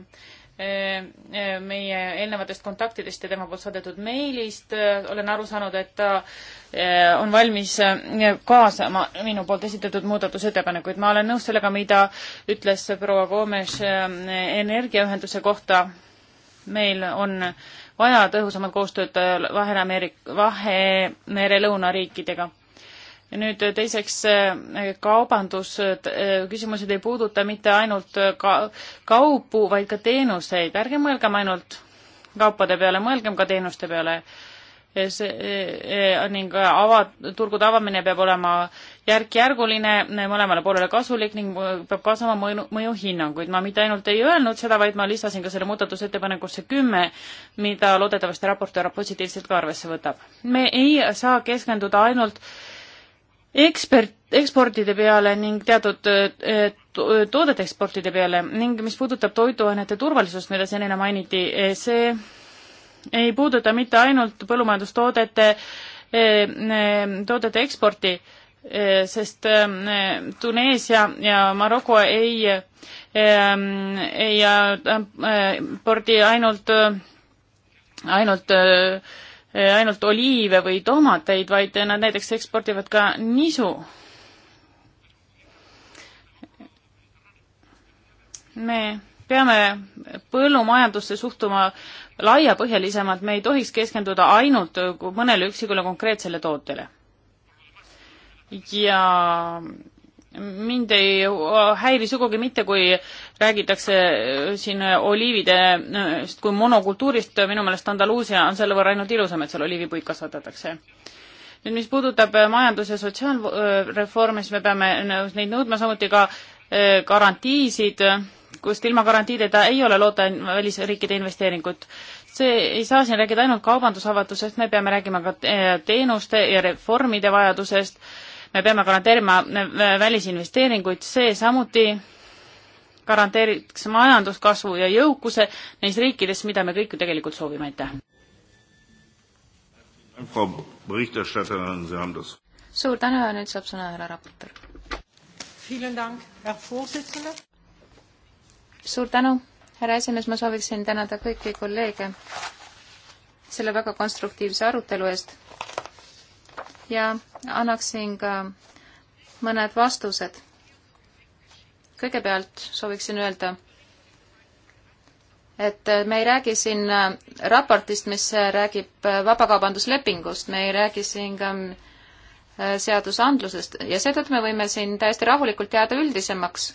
äh, äh, meie eelnevatest kontaktidest ja tema poolt saadetud meilist olen aru saanud, et ta on valmis kaasama minu poolt esitatud muudatusettepanekuid. ma olen nõus sellega, mida ütles proua Koomes energiaühenduse kohta. meil on äh, vaja tõhusamat koostööd Vahe-Ameerika, Vahemere lõunariikidega. nüüd teiseks, äh, kaubandus, äh, küsimused ei puuduta mitte ainult ka-, kaupu, vaid ka teenuseid, ärgem mõelgem ainult kaupade peale, mõelgem ka teenuste peale see e, e, ning ava-, turgude avamine peab olema järk-järguline, mõlemale poolele kasulik ning peab kaasama mõju, mõjuhinnanguid. ma mitte ainult ei öelnud seda, vaid ma lisasin ka selle muudatusettepanekusse kümme, mida loodetavasti raportöör positiivselt ka arvesse võtab. me ei saa keskenduda ainult ekspert, eksportide peale ning teatud e, toodete eksportide peale ning mis puudutab toiduainete turvalisust, mida siin enne mainiti, see ei puuduta mitte ainult põllumajandustoodete, eh, toodete eksporti, eh, sest eh, Tuneesia ja Maroko ei, ei impordi ainult, ainult ainult oliive või tomateid, vaid nad näiteks ekspordivad ka nisu me peame põllumajandusse suhtuma laiapõhjalisemad, me ei tohiks keskenduda ainult mõnele üksikule konkreetsele tootele. ja mind ei häiri sugugi mitte, kui räägitakse siin oliividest kui monokultuurist, minu meelest Andaluusia on selle võrra ainult ilusam, et seal oliivipuid kasvatatakse. nüüd, mis puudutab majandus- ja sotsiaalreforme, siis me peame neid nõudma, samuti ka garantiisid kust ilma garantiideta ei ole loota välisriikide investeeringut. see ei saa siin rääkida ainult kaubandusavatusest, me peame rääkima ka teenuste ja reformide vajadusest, me peame garanteerima välisinvesteeringuid, see samuti garanteeriks majanduskasvu ja jõukuse neis riikides, mida me kõik ju tegelikult soovime, aitäh. suur tänu ja nüüd saab sõna härra raportöör suur tänu, härra esimees, ma sooviksin tänada kõiki kolleege selle väga konstruktiivse arutelu eest ja annaksin ka mõned vastused. kõigepealt sooviksin öelda, et me ei räägi siin raportist, mis räägib vabakaubanduslepingust, me ei räägi siin ka äh, seadusandlusest ja seetõttu me võime siin täiesti rahulikult jääda üldisemaks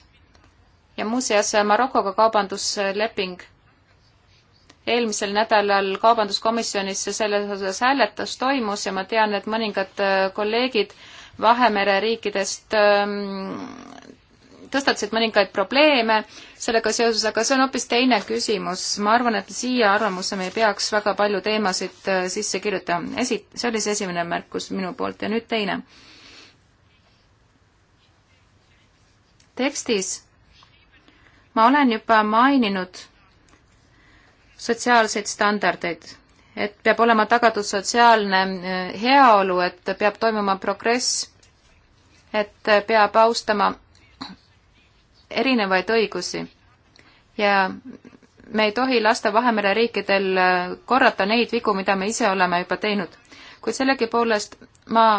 ja muuseas, Marokoga kaubandusleping eelmisel nädalal Kaubanduskomisjonis selles osas hääletus toimus ja ma tean, et mõningad äh, kolleegid Vahemere riikidest ähm, tõstatasid mõningaid probleeme sellega seoses, aga see on hoopis teine küsimus. ma arvan, et siia arvamusse me ei peaks väga palju teemasid äh, sisse kirjutama. esi-, see oli see esimene märkus minu poolt ja nüüd teine. tekstis ma olen juba maininud sotsiaalseid standardeid, et peab olema tagatud sotsiaalne äh, heaolu, et peab toimuma progress, et peab austama erinevaid õigusi ja me ei tohi lasta Vahemere riikidel äh, korrata neid vigu, mida me ise oleme juba teinud. kuid sellegipoolest ma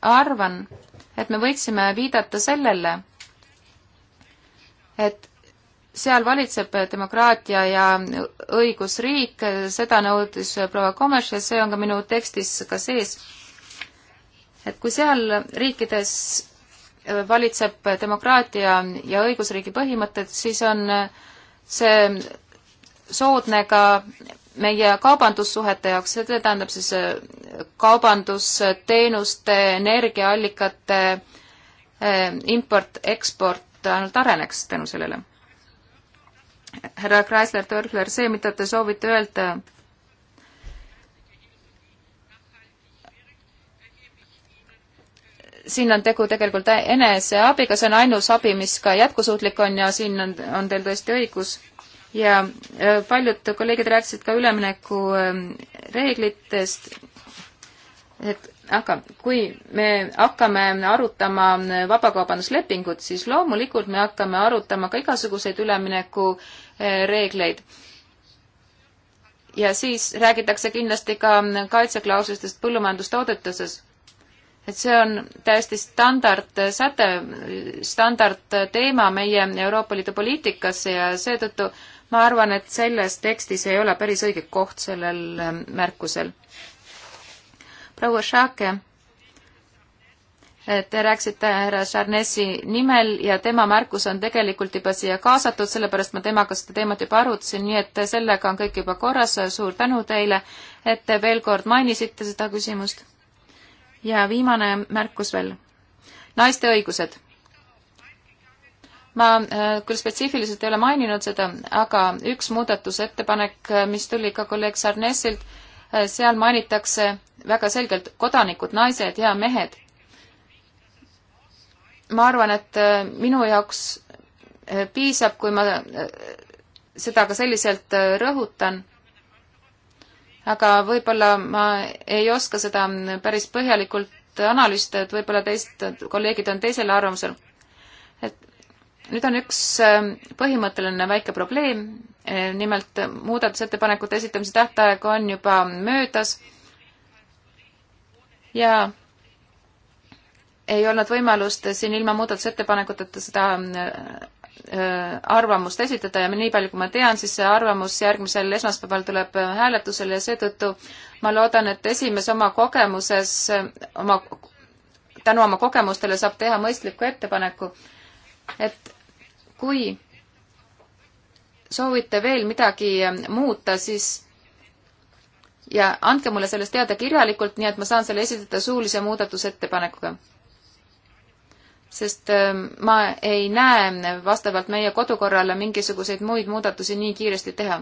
arvan, et me võiksime viidata sellele, et seal valitseb demokraatia ja õigusriik, seda nõudis proua Komes ja see on ka minu tekstis ka sees. et kui seal riikides valitseb demokraatia ja õigusriigi põhimõtted, siis on see soodne ka meie kaubandussuhete jaoks, see tähendab siis kaubandusteenuste, energiaallikate import-eksport ainult areneks tänu sellele härra Chrysler-Törgler, see, mida te soovite öelda, siin on tegu tegelikult eneseabiga, see on ainus abi, mis ka jätkusuutlik on ja siin on, on teil tõesti õigus. ja paljud kolleegid rääkisid ka ülemineku reeglitest, et aga kui me hakkame arutama vabakaubanduslepingut, siis loomulikult me hakkame arutama ka igasuguseid ülemineku äh, reegleid. ja siis räägitakse kindlasti ka kaitseklauslistest põllumajandustoodetuses. et see on täiesti standardsäte, standardteema meie Euroopa Liidu poliitikasse ja seetõttu ma arvan, et selles tekstis ei ole päris õige koht sellel märkusel. proua Šake Te rääkisite härra Charnesi nimel ja tema märkus on tegelikult juba siia kaasatud, sellepärast ma temaga seda teemat juba arutasin, nii et sellega on kõik juba korras, suur tänu teile, et te veel kord mainisite seda küsimust. ja viimane märkus veel, naiste õigused. ma äh, küll spetsiifiliselt ei ole maininud seda, aga üks muudatusettepanek, äh, mis tuli ka kolleeg Charnesilt, äh, seal mainitakse väga selgelt kodanikud, naised ja mehed ma arvan, et äh, minu jaoks äh, piisab, kui ma äh, seda ka selliselt rõhutan, aga võib-olla ma ei oska seda päris põhjalikult analüüsida, et võib-olla teised kolleegid on teisel arvamusel. et nüüd on üks põhimõtteline väike probleem, nimelt muudatusettepanekute esitamise tähtaeg on juba möödas ja ei olnud võimalust siin ilma muudatusettepanekuteta seda äh, äh, arvamust esitada ja nii palju, kui ma tean, siis see arvamus järgmisel esmaspäeval tuleb äh, hääletusele ja seetõttu ma loodan, et esimees oma kogemuses, oma, tänu oma kogemustele saab teha mõistliku ettepaneku, et kui soovite veel midagi muuta, siis ja andke mulle sellest teada kirjalikult, nii et ma saan selle esitada suulise muudatusettepanekuga sest ähm, ma ei näe vastavalt meie kodukorrale mingisuguseid muid muudatusi nii kiiresti teha.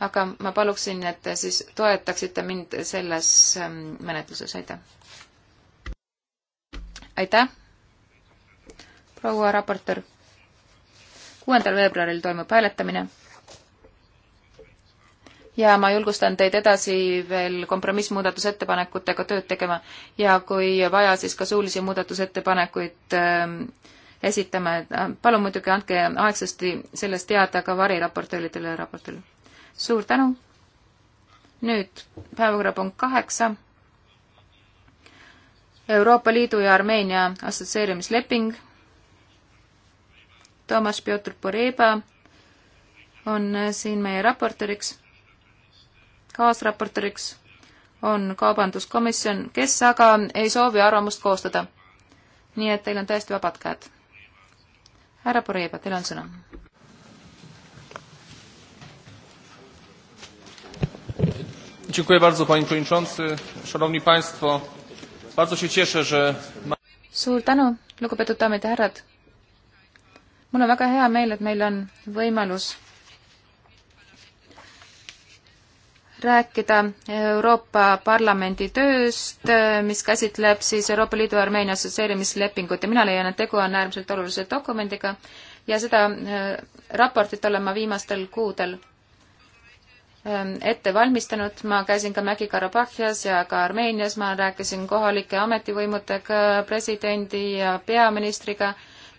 aga ma paluksin, et te siis toetaksite mind selles ähm, menetluses, aitäh. aitäh, proua raportöör. kuuendal veebruaril toimub hääletamine ja ma julgustan teid edasi veel kompromissmuudatusettepanekutega tööd tegema ja kui vaja, siis ka suulisi muudatusettepanekuid ähm, esitame. Ähm, palun muidugi andke aegsasti sellest teada ka variraportööridele ja raportööridele. suur tänu! nüüd päevakorrapunkt kaheksa. Euroopa Liidu ja Armeenia assotsieerimisleping. Toomas Pjotr Poreba on äh, siin meie raportööriks kaasraportööriks on Kaubanduskomisjon, kes aga ei soovi arvamust koostada. nii et teil on täiesti vabad käed. härra Poreba, teil on sõna. Dziękuję bardzo panie przewodniczący. Szanowni państwo, bardzo się cieszę, że Suur tänu, lugupeetud daamid ja härrad. Mul on väga hea meel, et meil on võimalus rääkida Euroopa Parlamendi tööst, mis käsitleb siis Euroopa Liidu Armeenia assotsieerimislepingut ja mina leian, et tegu on äärmiselt olulise dokumendiga ja seda äh, raportit olen ma viimastel kuudel ähm, ette valmistanud, ma käisin ka Mägi-Karabahhias ja ka Armeenias, ma rääkisin kohalike ametivõimudega, presidendi ja peaministriga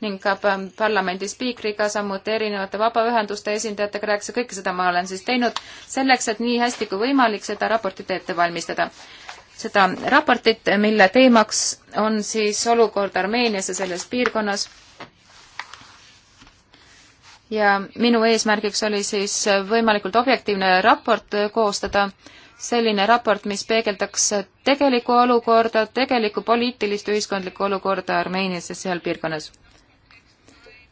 ning ka parlamendi spiikriga, samuti erinevate vabaühenduste esindajatega rääkis ja kõike seda ma olen siis teinud selleks, et nii hästi kui võimalik seda raportit ette valmistada. seda raportit, mille teemaks on siis olukord Armeenias ja selles piirkonnas ja minu eesmärgiks oli siis võimalikult objektiivne raport koostada, selline raport, mis peegeldaks tegelikku olukorda, tegelikku poliitilist ühiskondlikku olukorda Armeenias ja seal piirkonnas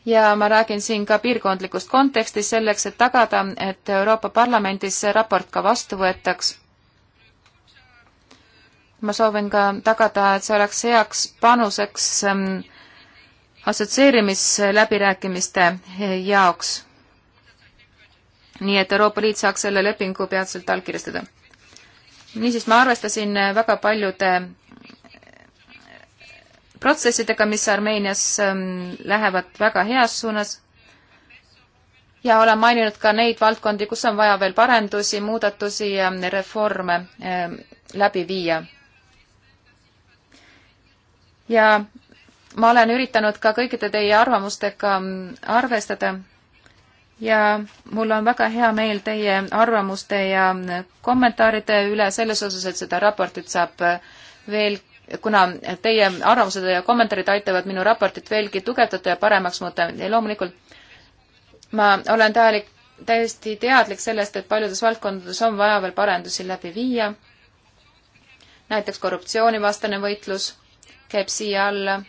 ja ma räägin siin ka piirkondlikust kontekstist selleks, et tagada, et Euroopa Parlamendis see raport ka vastu võetaks. ma soovin ka tagada, et see oleks heaks panuseks ähm, assotsieerimisläbirääkimiste eh, jaoks. nii et Euroopa Liit saaks selle lepingu peatselt allkirjastada. niisiis, ma arvestasin eh, väga paljude protsessidega, mis Armeenias ähm, lähevad väga heas suunas ja olen maininud ka neid valdkondi, kus on vaja veel parendusi, muudatusi ja reforme ähm, läbi viia. ja ma olen üritanud ka kõikide teie arvamustega ähm, arvestada ja mul on väga hea meel teie arvamuste ja äh, kommentaaride üle selles osas, et seda raportit saab äh, veel kuna teie arvamused ja kommentaarid aitavad minu raportit veelgi tugevdada ja paremaks muuta. loomulikult ma olen täielik, täiesti teadlik sellest, et paljudes valdkondades on vaja veel parendusi läbi viia. näiteks korruptsioonivastane võitlus käib siia alla.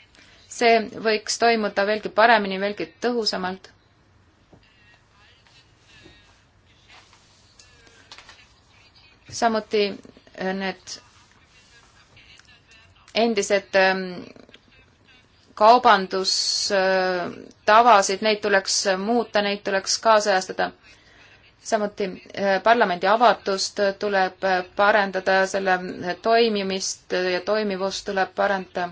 see võiks toimuda veelgi paremini, veelgi tõhusamalt samuti need endised ähm, kaubandustavasid, neid tuleks muuta, neid tuleks kaasajastada. samuti äh, parlamendi avatust tuleb äh, parendada, selle äh, toimimist ja toimivust tuleb parandada.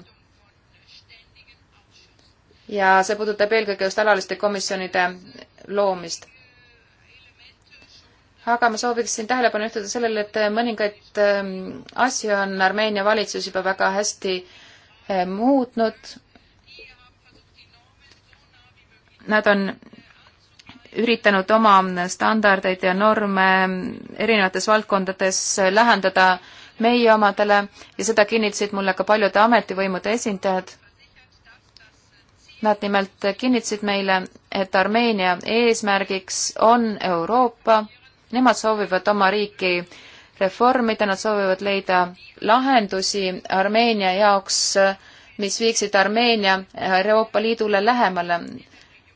ja see puudutab eelkõige just alaliste komisjonide loomist aga ma sooviksin tähelepanu juhtida sellele, et mõningaid ähm, asju on Armeenia valitsus juba väga hästi äh, muutnud. Nad on üritanud oma standardeid ja norme erinevates valdkondades lähendada meie omadele ja seda kinnitasid mulle ka paljude ametivõimude esindajad. Nad nimelt kinnitasid meile, et Armeenia eesmärgiks on Euroopa Nemad soovivad oma riiki reformida, nad soovivad leida lahendusi Armeenia jaoks, mis viiksid Armeenia Euroopa Liidule lähemale.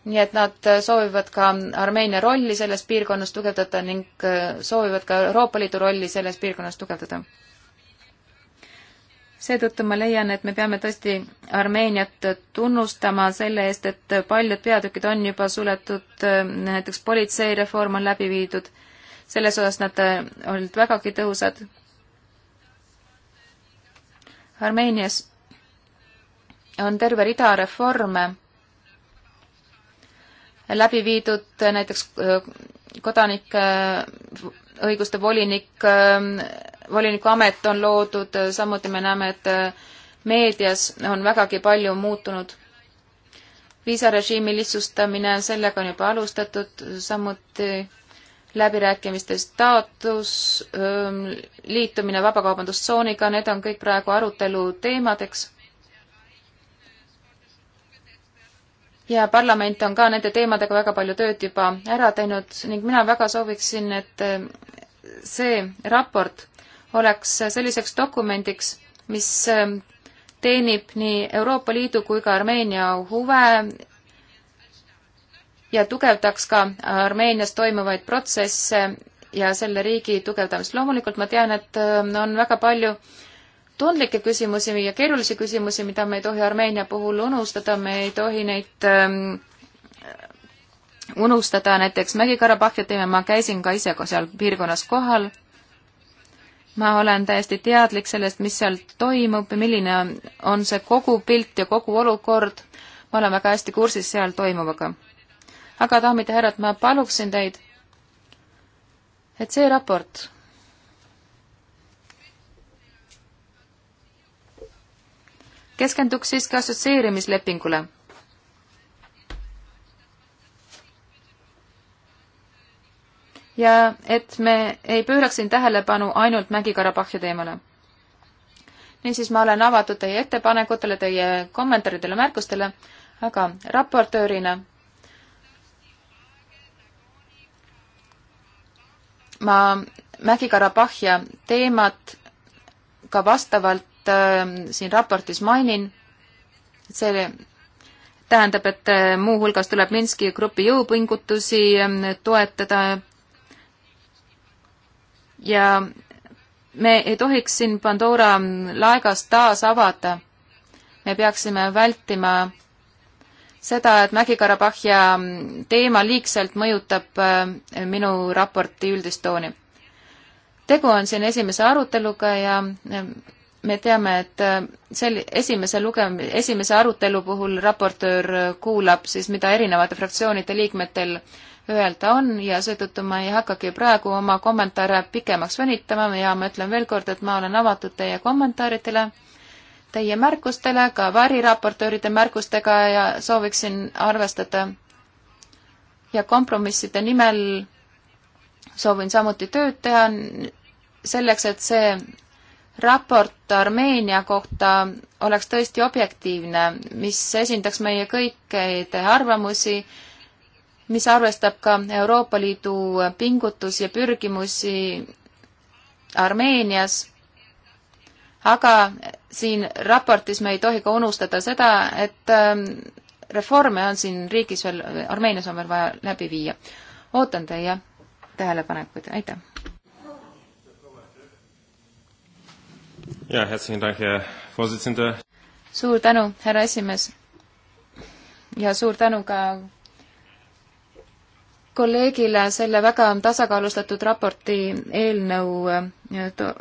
nii et nad soovivad ka Armeenia rolli selles piirkonnas tugevdada ning äh, soovivad ka Euroopa Liidu rolli selles piirkonnas tugevdada seetõttu ma leian, et me peame tõesti Armeeniat tunnustama selle eest, et paljud peatükid on juba suletud, äh, näiteks politseireform on läbi viidud selles osas nad äh, olid vägagi tõhusad. Armeenias on terve rida reforme läbi viidud näiteks äh, kodanike äh, õiguste volinik, volinikuamet on loodud, samuti me näeme, et meedias on vägagi palju muutunud. viisarežiimi lihtsustamine, sellega on juba alustatud, samuti läbirääkimistes taotlus, ähm, liitumine vabakaubandustsooniga, need on kõik praegu arutelu teemadeks ja parlament on ka nende teemadega väga palju tööd juba ära teinud ning mina väga sooviksin, et äh, see raport oleks selliseks dokumendiks, mis äh, teenib nii Euroopa Liidu kui ka Armeenia huve ja tugevdaks ka Armeenias toimuvaid protsesse ja selle riigi tugevdamist. loomulikult ma tean, et ähm, on väga palju tundlikke küsimusi ja keerulisi küsimusi, mida me ei tohi Armeenia puhul unustada, me ei tohi neid ähm, unustada, näiteks Mägi-Karabahhi teeme, ma käisin ka ise seal piirkonnas kohal, ma olen täiesti teadlik sellest, mis seal toimub ja milline on see kogu pilt ja kogu olukord, ma olen väga hästi kursis seal toimuvaga aga daamid ja härrad, ma paluksin teid, et see raport, keskenduks siiski assotsieerimislepingule. ja et me ei pööraks siin tähelepanu ainult Mägi-Karabahhi teemale. niisiis, ma olen avatud teie ettepanekutele, teie kommentaaridele, märkustele, aga raportöörina ma Mägi-Karabahhia teemat ka vastavalt äh, siin raportis mainin, see tähendab, et äh, muuhulgas tuleb Minski grupi jõupingutusi äh, toetada ja me ei tohiks siin Pandora laegast taas avada. me peaksime vältima seda, et Mägi-Karabahhia teema liigselt mõjutab äh, minu raporti üldist tooni. tegu on siin esimese aruteluga ja äh, me teame, et äh, sel-, esimese lugem-, esimese arutelu puhul raportöör kuulab siis, mida erinevate fraktsioonide liikmetel öelda on ja seetõttu ma ei hakkagi praegu oma kommentaare pikemaks venitama ja ma ütlen veel kord, et ma olen avatud teie kommentaaridele teie märkustele, ka variraportööride märkustega ja sooviksin arvestada ja kompromisside nimel soovin samuti tööd teha selleks, et see raport Armeenia kohta oleks tõesti objektiivne, mis esindaks meie kõikide arvamusi, mis arvestab ka Euroopa Liidu pingutusi ja pürgimusi Armeenias aga siin raportis me ei tohi ka unustada seda, et ähm, reforme on siin riigis veel, Armeenias on veel vaja läbi viia. ootan teie tähelepanekuid, aitäh! jaa, herzlichen Dank, Herr Vorsitzender! suur tänu, härra esimees! ja suur tänu ka kolleegile selle väga tasakaalustatud raporti eelnõu äh, to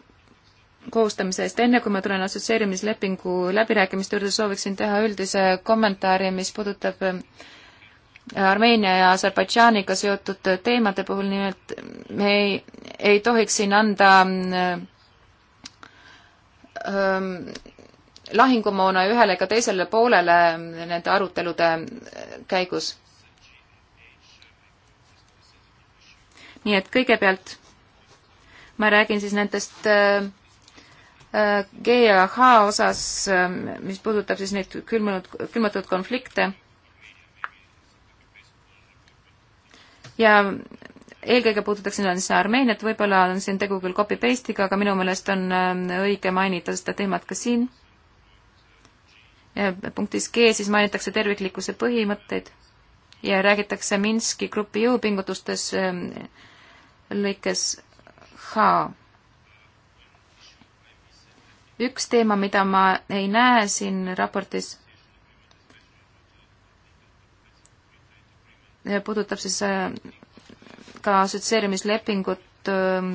koostamise eest. enne kui ma tulen assotsieerimislepingu läbirääkimiste juurde, sooviksin teha üldise kommentaari, mis puudutab äh, Armeenia ja Aserbaidžaaniga seotud teemade puhul, nimelt me ei, ei tohiks siin anda äh, ähm, lahingumoona ühele ega teisele poolele nende arutelude käigus. nii et kõigepealt ma räägin siis nendest äh, G ja H osas, ähm, mis puudutab siis neid külmunud, külmutatud konflikte. ja eelkõige puudutaksin on siis Armeeniat, võib-olla on siin tegu küll copy-paste'iga, aga minu meelest on ähm, õige mainida seda teemat ka siin. punktis G siis mainitakse terviklikkuse põhimõtteid ja räägitakse Minski grupi jõupingutustes ähm, lõikes H üks teema, mida ma ei näe siin raportis, puudutab siis äh, ka assotsieerimislepingut äh,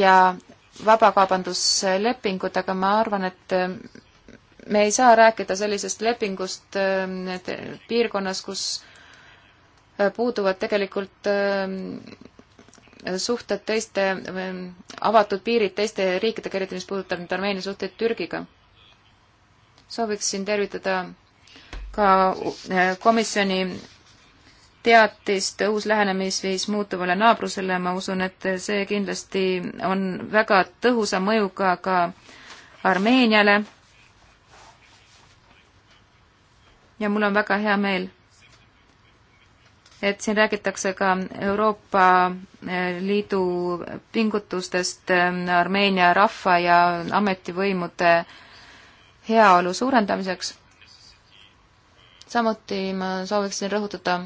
ja vabakaubanduslepingut, aga ma arvan, et äh, me ei saa rääkida sellisest lepingust piirkonnas, kus puuduvad tegelikult suhted teiste, avatud piirid teiste riikidega, eriti mis puudutab nüüd Armeenia suhteid Türgiga. sooviksin tervitada ka eh, komisjoni teatist uus lähenemisviis muutuvale naabrusele, ma usun, et see kindlasti on väga tõhusa mõjuga ka Armeeniale. ja mul on väga hea meel et siin räägitakse ka Euroopa eh, Liidu pingutustest eh, Armeenia rahva ja ametivõimude heaolu suurendamiseks. samuti ma sooviksin rõhutada,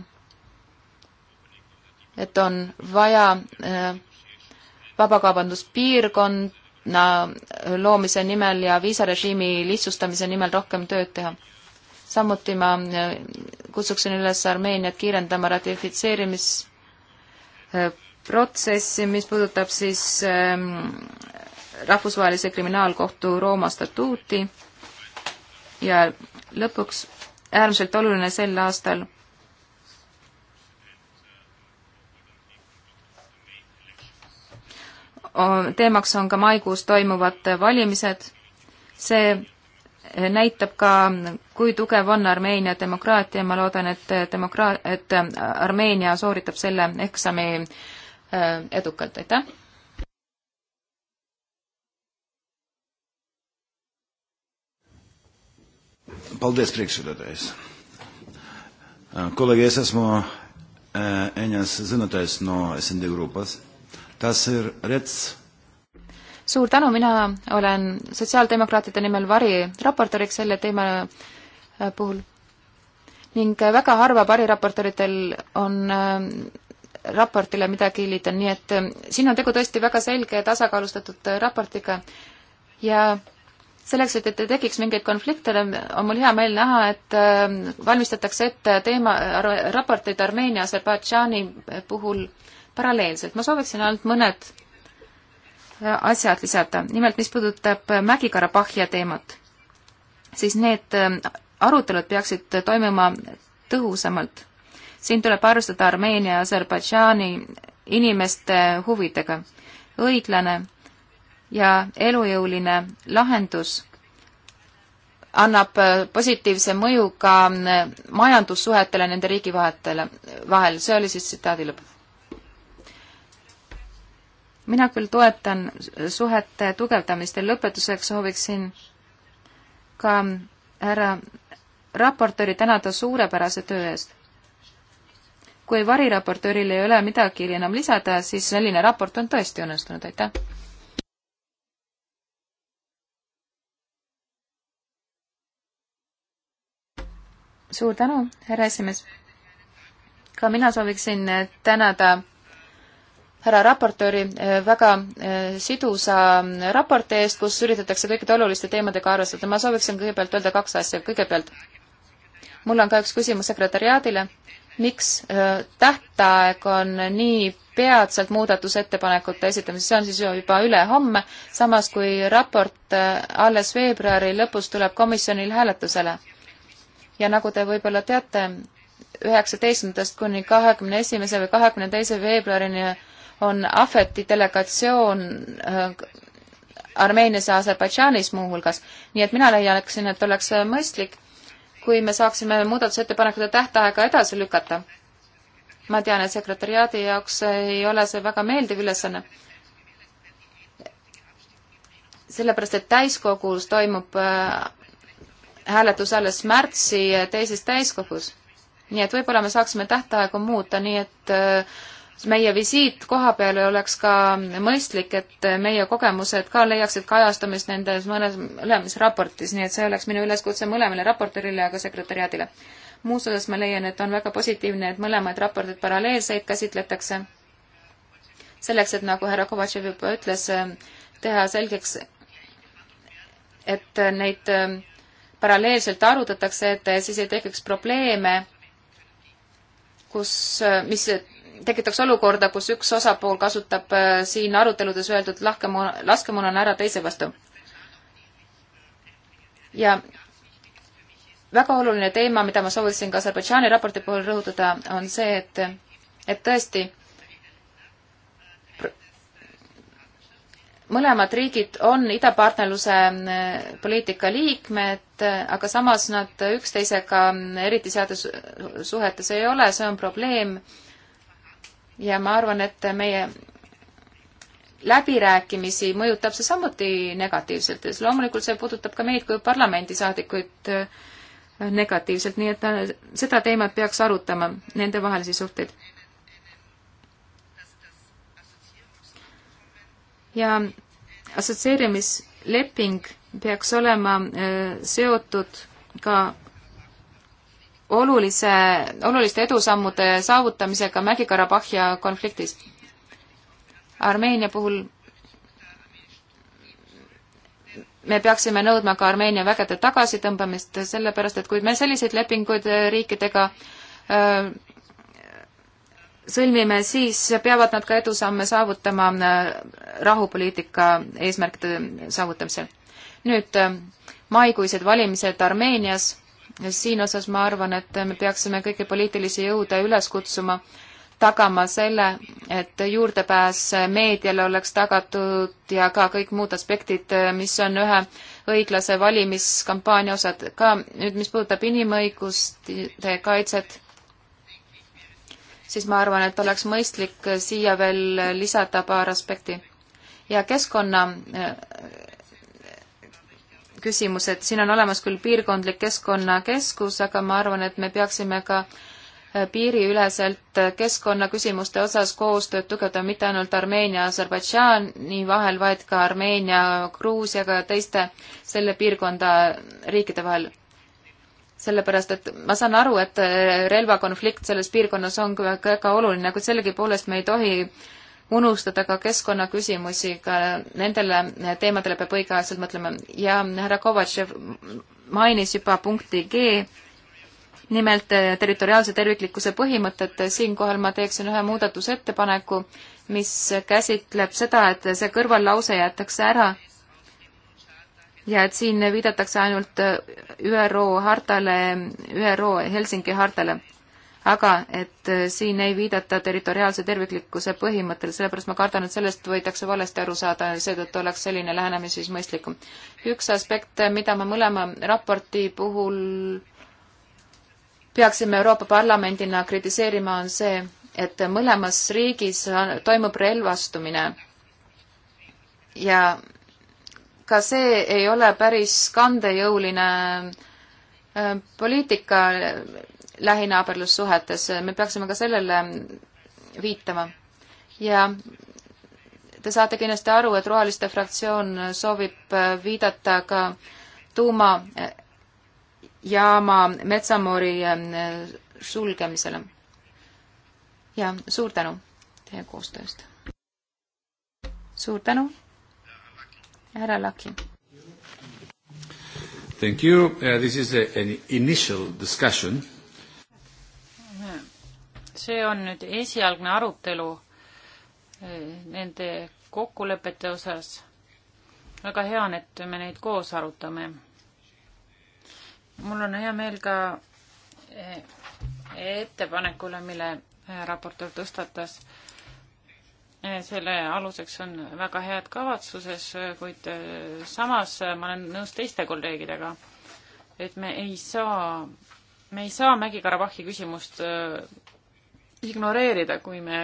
et on vaja eh, vabakaubanduspiirkonna loomise nimel ja viisarežiimi lihtsustamise nimel rohkem tööd teha samuti ma äh, kutsuksin üles Armeeniat kiirendama ratifitseerimisprotsessi, äh, mis puudutab siis ähm, rahvusvahelise kriminaalkohtu Rooma statuuti ja lõpuks äärmiselt oluline sel aastal teemaks on ka maikuus toimuvad valimised. see näitab ka, kui tugev on Armeenia demokraatia, ma loodan, et demokraa-, et Armeenia sooritab selle eksami äh, edukalt, aitäh! Paldies, priekšsēdētājs. Äh, kolēģi, es esmu äh, Eņas zinātājs no SND grupas. Tas ir rets suur tänu, mina olen sotsiaaldemokraatide nimel variraportoriks selle teema äh, puhul ning äh, väga harva variraportoritel on äh, raportile midagi liita, nii et siin on tegu tõesti väga selge ja tasakaalustatud raportiga ja selleks, et, et ei tekiks mingeid konflikte, on mul hea meel näha, et valmistatakse ette teema, raporteid Armeenia, Aserbaidžaani puhul paralleelselt. ma sooviksin ainult mõned asjad lisada. nimelt, mis puudutab Mägi-Karabahhi teemat, siis need ähm, arutelud peaksid toimuma tõhusamalt. siin tuleb arvestada Armeenia ja Aserbaidžaani inimeste huvidega. õiglane ja elujõuline lahendus annab äh, positiivse mõju ka äh, majandussuhetele nende riigi vahetele, vahel, see oli siis tsitaadi lõpp mina küll toetan suhete tugevdamist ja lõpetuseks sooviksin ka härra raportööri tänada suurepärase töö eest. kui variraportööril ei ole midagi enam lisada, siis selline raport on tõesti õnnestunud, aitäh! suur tänu, härra esimees! ka mina sooviksin tänada härra raportööri eh, väga eh, sidusa mm, raporti eest, kus üritatakse kõikide oluliste teemadega arvestada. ma sooviksin kõigepealt öelda kaks asja. kõigepealt, mul on ka üks küsimus sekretäriaadile. miks eh, tähtaeg on nii peatselt muudatusettepanekute esitamises, see on siis juba ülehomme, samas kui raport alles veebruari lõpus tuleb komisjonil hääletusele. ja nagu te võib-olla teate, üheksateistkümnendast kuni kahekümne esimese või kahekümne teise veebruarini on Ahveti delegatsioon äh, Armeenias ja Aserbaidžaanis muuhulgas. nii et mina leiaksin, et oleks mõistlik, kui me saaksime muudatusettepanekute tähtaega edasi lükata. ma tean, et sekretäriaadi jaoks ei ole see väga meeldiv ülesanne. sellepärast, et täiskogus toimub äh, hääletus alles märtsi teises täiskogus. nii et võib-olla me saaksime tähtaegu muuta, nii et äh, meie visiit koha peale oleks ka mõistlik, et meie kogemused ka leiaksid kajastamist nendes mõnes, mõlemas raportis, nii et see oleks minu üleskutse mõlemale raportöörile ja ka sekretäriaadile. muus osas ma leian, et on väga positiivne, et mõlemaid raporteid paralleelseid käsitletakse. selleks, et nagu härra Kovatšev juba ütles, teha selgeks, et neid paralleelselt arutatakse, et siis ei tekiks probleeme, kus, mis tekitaks olukorda, kus üks osapool kasutab äh, siin aruteludes öeldud lahkemoona, laskemoonana ära teise vastu. ja väga oluline teema, mida ma soovisin ka Aserbaidžaani raporti puhul rõhutada, on see, et, et tõesti mõlemad riigid on idapartnerluse äh, poliitika liikmed, aga samas nad üksteisega eriti seadussuhetes ei ole, see on probleem ja ma arvan, et meie läbirääkimisi mõjutab see samuti negatiivselt ja siis loomulikult see puudutab ka meid kui parlamendisaadikuid äh, negatiivselt, nii et äh, seda teemat peaks arutama, nendevahelisi suhteid. ja assotsieerimisleping peaks olema äh, seotud ka olulise, oluliste edusammude saavutamisega Mägi-Karabahhia konfliktis. Armeenia puhul me peaksime nõudma ka Armeenia vägede tagasitõmbamist, sellepärast et kui me selliseid lepinguid äh, riikidega öö, äh, sõlmime, siis peavad nad ka edusamme saavutama äh, rahupoliitika eesmärkide saavutamisel. nüüd maikuised valimised Armeenias siin osas ma arvan, et me peaksime kõiki poliitilisi jõude üles kutsuma tagama selle, et juurdepääs meediale oleks tagatud ja ka kõik muud aspektid, mis on ühe õiglase valimiskampaania osad. ka nüüd, mis puudutab inimõiguste kaitset, siis ma arvan, et oleks mõistlik siia veel lisada paar aspekti. ja keskkonna küsimused, siin on olemas küll piirkondlik keskkonnakeskus, aga ma arvan, et me peaksime ka äh, piiriüleselt äh, keskkonnaküsimuste osas koostööd tugevdama mitte ainult Armeenia ja Aserbaidžaani vahel, vaid ka Armeenia, Gruusiaga ja teiste selle piirkonda äh, riikide vahel. sellepärast, et ma saan aru, et relvakonflikt selles piirkonnas on väga oluline, kuid sellegipoolest me ei tohi äh, unustada ka keskkonnaküsimusi, ka nendele teemadele peab õigeaegselt mõtlema ja härra Kovatšev mainis juba punkti G, nimelt eh, territoriaalse terviklikkuse põhimõtet, siinkohal ma teeksin ühe muudatusettepaneku, mis käsitleb seda, et see kõrvallause jäetakse ära ja et siin viidatakse ainult eh, ÜRO hartale, ÜRO Helsingi hartale aga et äh, siin ei viidata territoriaalse terviklikkuse põhimõttele, sellepärast ma kardan, et sellest võidakse valesti aru saada ja seetõttu oleks selline lähenemine siis mõistlikum. üks aspekt, mida ma mõlema raporti puhul peaksime Euroopa Parlamendina kritiseerima, on see, et mõlemas riigis toimub relvastumine ja ka see ei ole päris kandejõuline äh, poliitika lähinaaberlussuhetes, me peaksime ka sellele viitama. ja te saate kindlasti aru, et Roheliste fraktsioon soovib äh, viidata ka tuumajaama äh, Metsamori äh, sulgemisele. ja suur tänu teie koostöö eest. suur tänu, härra Laki. Thank you. Uh, this is a, an initial discussion see on nüüd esialgne arutelu eh, nende kokkulepete osas. väga hea on, et me neid koos arutame. mul on hea meel ka eh, ettepanekule, mille eh, raportöör tõstatas. selle aluseks on väga head kavatsuses, kuid samas ma olen nõus teiste kolleegidega, et me ei saa, me ei saa Mägi-Karabahhi küsimust ignoreerida, kui me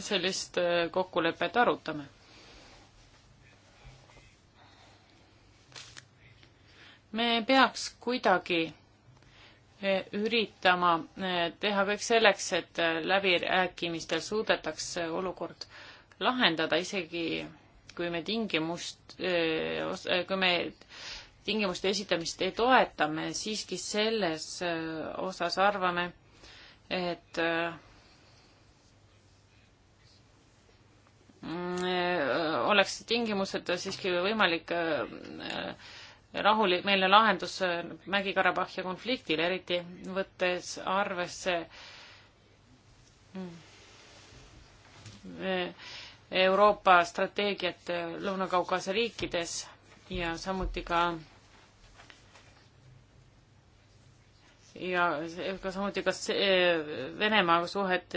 sellist äh, kokkulepet arutame. me peaks kuidagi äh, üritama äh, teha kõik selleks, et läbirääkimistel suudetakse olukord lahendada, isegi kui me tingimust, kui me tingimuste esitamist ei toeta, me siiski selles osas arvame, et Mm, oleks tingimused siiski võimalik äh, rahumeelne lahendus äh, Mägi-Karabahhi konfliktil, eriti võttes arvesse äh, Euroopa strateegiat Lõuna-Kaukaasia riikides ja samuti ka ja ka samuti ka Venemaa suhet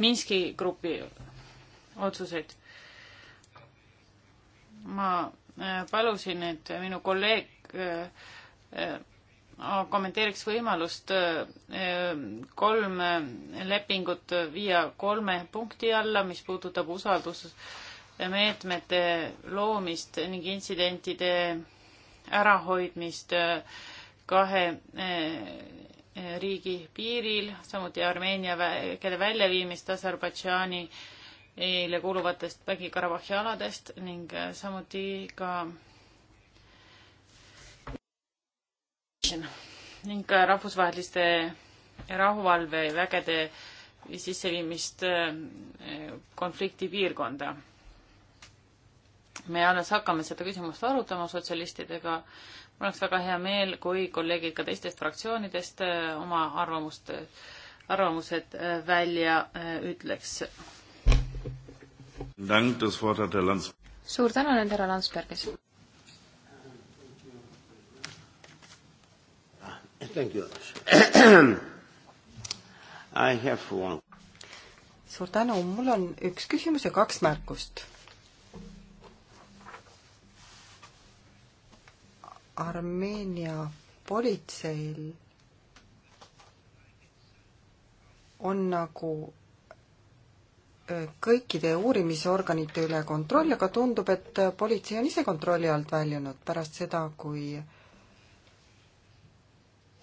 Minski grupi otsuseid. ma äh, palusin, et minu kolleeg äh, äh, kommenteeriks võimalust kolm lepingut viia kolme punkti alla, mis puudutab usaldusmeetmete loomist ning intsidentide ärahoidmist kahe riigi piiril, samuti Armeenia vägede väljaviimist Aserbaidžaani eile kuuluvatest Vägi-Karabahhi aladest ning äh, samuti ka ning ka rahvusvaheliste rahuvalvevägede sisseviimist äh, konfliktipiirkonda. me alles hakkame seda küsimust arutama sotsialistidega, oleks väga hea meel, kui kolleegid ka teistest fraktsioonidest äh, oma arvamust, äh, arvamused äh, välja ütleks. suur tänu nüüd, härra Landsbergis. [COUGHS] suur tänu, mul on üks küsimus ja kaks märkust Armeenia politseil on nagu kõikide uurimisorganite üle kontroll, aga tundub, et politsei on ise kontrolli alt väljunud pärast seda, kui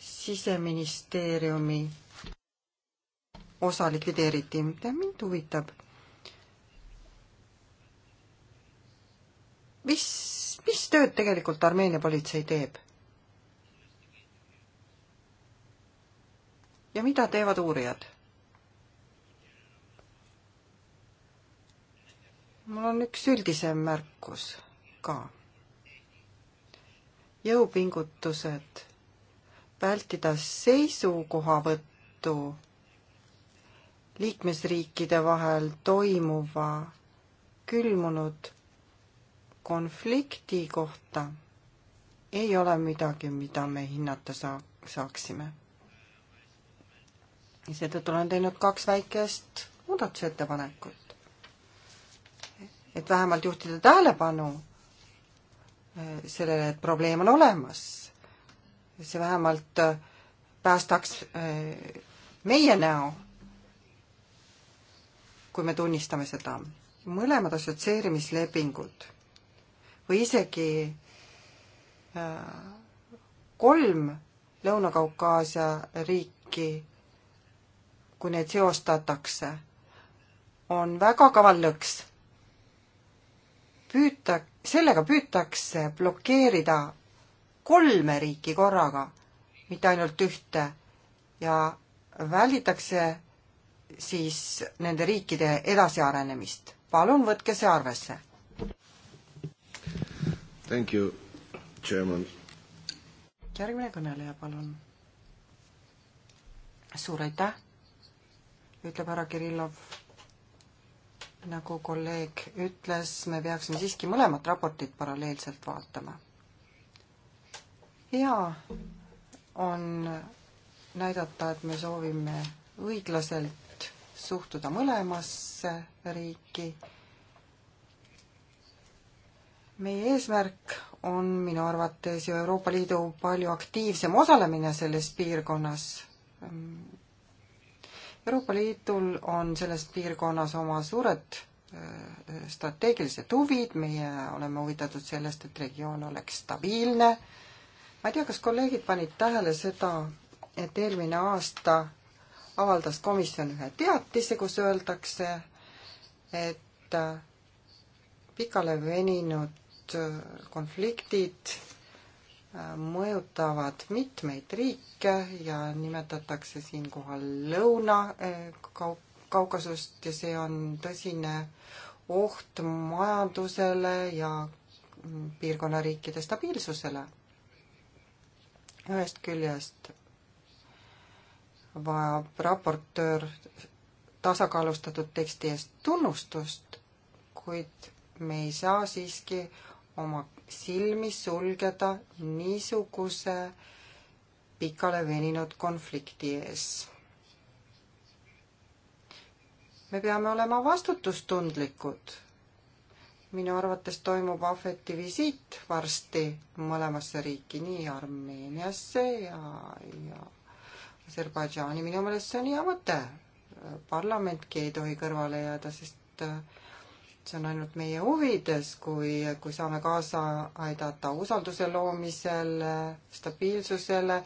siseministeeriumi osa likvideeriti. mind huvitab, mis, mis tööd tegelikult Armeenia politsei teeb? ja mida teevad uurijad? mul on üks üldisem märkus ka. jõupingutused vältida seisukohavõttu liikmesriikide vahel toimuva külmunud konflikti kohta ei ole midagi, mida me hinnata saa-, saaksime. seetõttu olen teinud kaks väikest muudatusettepanekut. et vähemalt juhtida tähelepanu eh, sellele, et probleem on olemas. see vähemalt eh, päästaks eh, meie näo, kui me tunnistame seda. mõlemad assotsieerimislepingud või isegi äh, kolm Lõuna-Kaukaasia riiki, kui neid seostatakse, on väga kaval lõks. püüta, sellega püütakse blokeerida kolme riiki korraga, mitte ainult ühte ja välditakse siis nende riikide edasiarenemist. palun võtke see arvesse Thank you, chairman. järgmine kõneleja, palun. suur aitäh, ütleb härra Kirillov. nagu kolleeg ütles, me peaksime siiski mõlemat raportit paralleelselt vaatama. hea on näidata, et me soovime õiglaselt suhtuda mõlemasse riiki meie eesmärk on minu arvates ju Euroopa Liidu palju aktiivsem osalemine selles piirkonnas. Euroopa Liidul on selles piirkonnas oma suured äh, strateegilised huvid, meie oleme huvitatud sellest, et regioon oleks stabiilne. ma ei tea, kas kolleegid panid tähele seda, et eelmine aasta avaldas komisjon ühe teatise, kus öeldakse, et äh, pikale veninud Äh, konfliktid äh, mõjutavad mitmeid riike ja nimetatakse siinkohal Lõuna-Kaukasust äh, ja see on tõsine oht majandusele ja mm, piirkonna riikide stabiilsusele. ühest küljest vajab raportöör tasakaalustatud teksti eest tunnustust, kuid me ei saa siiski oma silmi sulgeda niisuguse pikale veninud konflikti ees. me peame olema vastutustundlikud. minu arvates toimub ahveti visiit varsti mõlemasse riiki, nii Armeeniasse ja, ja Aserbaidžaani, minu meelest see on hea mõte. parlamentki ei tohi kõrvale jääda, sest äh, see on ainult meie huvides, kui, kui saame kaasa aidata usalduse loomisele, stabiilsusele,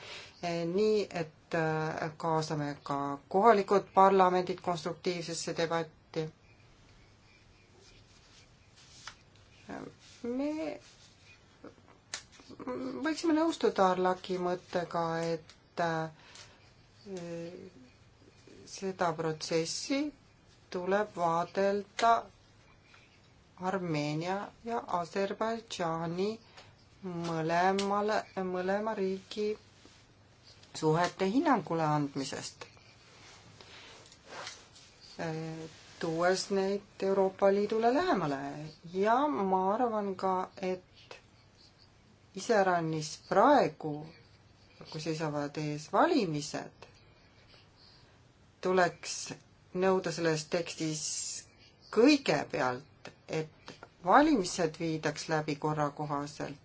eh, nii et eh, kaasame ka kohalikud parlamendid konstruktiivsesse debatti. me võiksime nõustuda Arlaki mõttega, et eh, seda protsessi tuleb vaadelda Armeenia ja Aserbaidžaani mõlemale, mõlema riigi suhete hinnangule andmisest, tuues neid Euroopa Liidule lähemale ja ma arvan ka, et iseäranis praegu, kui seisavad ees valimised, tuleks nõuda selles tekstis kõigepealt et valimised viidaks läbi korrakohaselt.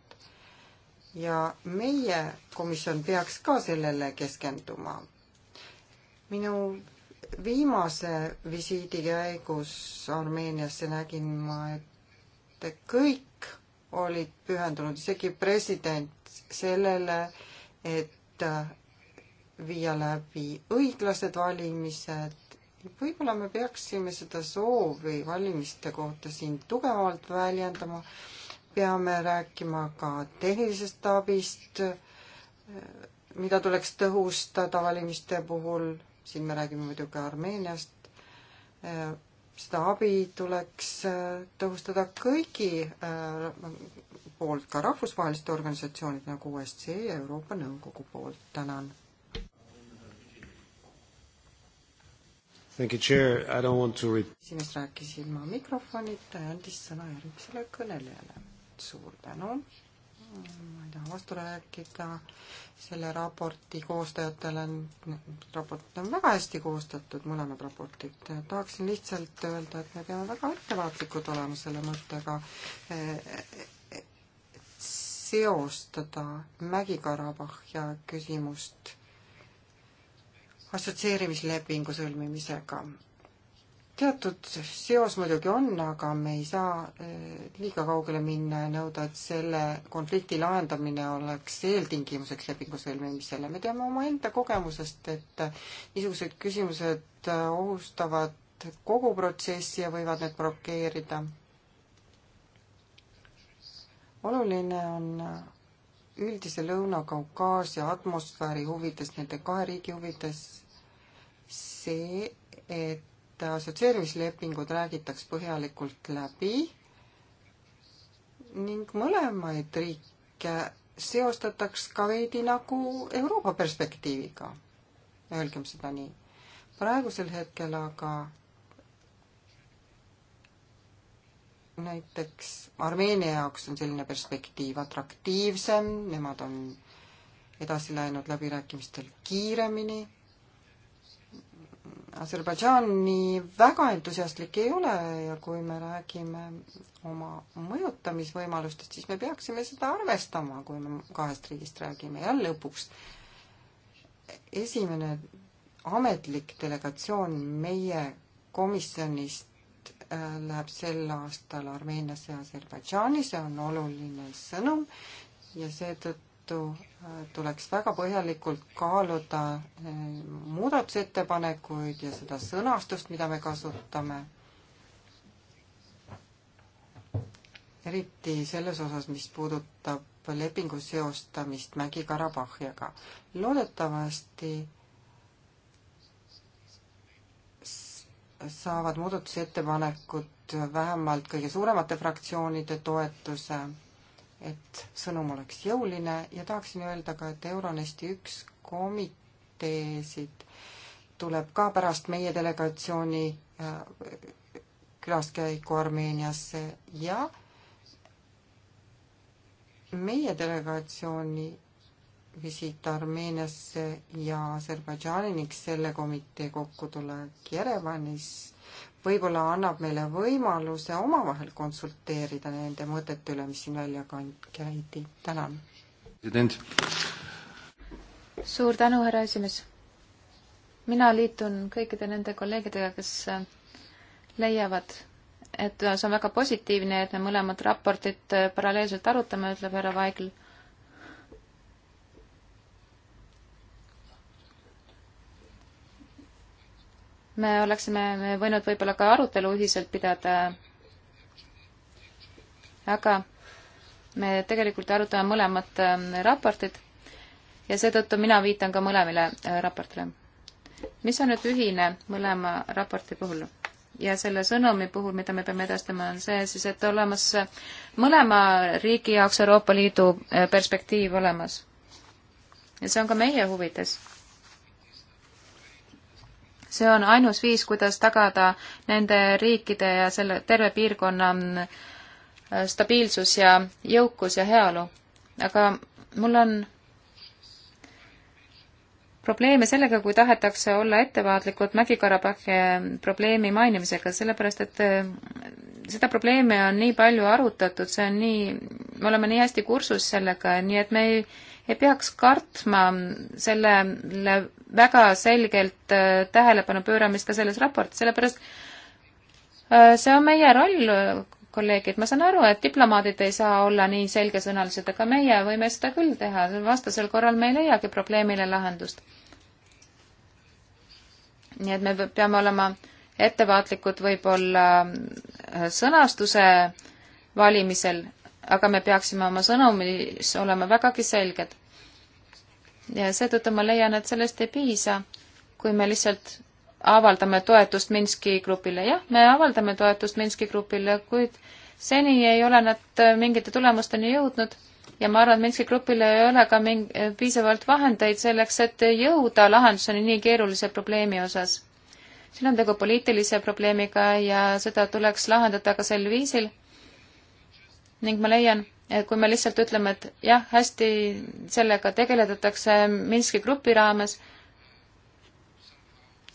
ja meie komisjon peaks ka sellele keskenduma. minu viimase visiidi käigus Armeeniasse nägin ma, et kõik olid pühendunud, isegi president sellele, et viia läbi õiglased valimised, võib-olla me peaksime seda soovi valimiste kohta siin tugevalt väljendama, peame rääkima ka tehnilisest abist, eh, mida tuleks tõhustada valimiste puhul, siin me räägime muidugi Armeeniast, eh, seda abi tuleks eh, tõhustada kõigi poolt, ka rahvusvaheliste organisatsioonid nagu OSCE ja Euroopa Nõukogu poolt, tänan esimees rääkis ilma mikrofonita ja andis sõna järgmisele kõnelejale. suur tänu. ma ei taha vastu rääkida selle raporti koostajatele. raport on väga hästi koostatud, mõlemad raportid. tahaksin lihtsalt öelda, et me peame väga ettevaatlikud olema selle mõttega e, e, e, seostada Mägi-Karabahhi küsimust assotsieerimislepingu sõlmimisega. teatud seos muidugi on, aga me ei saa eh, liiga kaugele minna ja nõuda, et selle konflikti lahendamine oleks eeltingimuseks lepingu sõlmimisele. me teame omaenda kogemusest, et niisugused küsimused eh, ohustavad kogu protsessi ja võivad need blokeerida. oluline on üldise Lõuna-Kaukaasia atmosfääri huvides, nende kahe riigi huvides see, et assotsieerimislepingud räägitaks põhjalikult läbi ning mõlemaid riike seostataks ka veidi nagu Euroopa perspektiiviga, öelgem seda nii. praegusel hetkel aga näiteks Armeenia jaoks on selline perspektiiv atraktiivsem, nemad on edasi läinud läbirääkimistel kiiremini. Aserbaidžaan nii väga entusiastlik ei ole ja kui me räägime oma mõjutamisvõimalustest, siis me peaksime seda arvestama, kui me kahest riigist räägime ja lõpuks esimene ametlik delegatsioon meie komisjonist läheb sel aastal Armeeniasse ja Aserbaidžaani, see on oluline sõnum ja seetõttu äh, tuleks väga põhjalikult kaaluda äh, muudatusettepanekuid ja seda sõnastust, mida me kasutame. eriti selles osas, mis puudutab lepingu seostamist Mägi-Karabahhiaga. loodetavasti saavad muudatusettepanekud vähemalt kõige suuremate fraktsioonide toetuse, et sõnum oleks jõuline ja tahaksin öelda ka, et Euronesti üks komiteesid tuleb ka pärast meie delegatsiooni äh, külaskäiku Armeeniasse ja meie delegatsiooni visiit Armeeniasse ja Aserbaidžaani ning selle komitee kokkutulek Jerevanis võib-olla annab meile võimaluse omavahel konsulteerida nende mõtete üle, mis siin välja käidi. tänan. suur tänu, härra esimees. mina liitun kõikide nende kolleegidega, kes äh, leiavad, et see on väga positiivne, et me mõlemad raportit äh, paralleelselt arutame, ütleb härra Vaigel me oleksime võinud võib-olla ka arutelu ühiselt pidada, aga me tegelikult arutame mõlemat ähm, raportit ja seetõttu mina viitan ka mõlemile äh, raportile. mis on nüüd ühine mõlema raporti puhul? ja selle sõnumi puhul, mida me peame edastama, on see siis, et olemas mõlema riigi jaoks Euroopa Liidu äh, perspektiiv olemas. ja see on ka meie huvides see on ainus viis, kuidas tagada nende riikide ja selle terve piirkonna äh, stabiilsus ja jõukus ja heaolu. aga mul on probleeme sellega, kui tahetakse olla ettevaatlikud Mägi-Karabahhi äh, probleemi mainimisega, sellepärast et äh, seda probleemi on nii palju arutatud, see on nii, me oleme nii hästi kursus sellega, nii et me ei, ei peaks kartma sellele väga selgelt äh, tähelepanu pööramist ka selles raportis, sellepärast äh, see on meie roll, kolleegid, ma saan aru, et diplomaadid ei saa olla nii selgesõnalised, aga meie võime seda küll teha, vastasel korral me ei leiagi probleemile lahendust. nii et me peame olema ettevaatlikud võib-olla äh, sõnastuse valimisel, aga me peaksime oma sõnumis olema vägagi selged ja seetõttu ma leian, et sellest ei piisa, kui me lihtsalt avaldame toetust Minski grupile. jah, me avaldame toetust Minski grupile, kuid seni ei ole nad äh, mingite tulemusteni jõudnud ja ma arvan, et Minski grupil ei ole ka ming-, äh, piisavalt vahendeid selleks, et jõuda lahenduseni nii keerulise probleemi osas. siin on tegu poliitilise probleemiga ja seda tuleks lahendada ka sel viisil ning ma leian, kui me lihtsalt ütleme, et jah, hästi, sellega tegeletakse Minski grupi raames,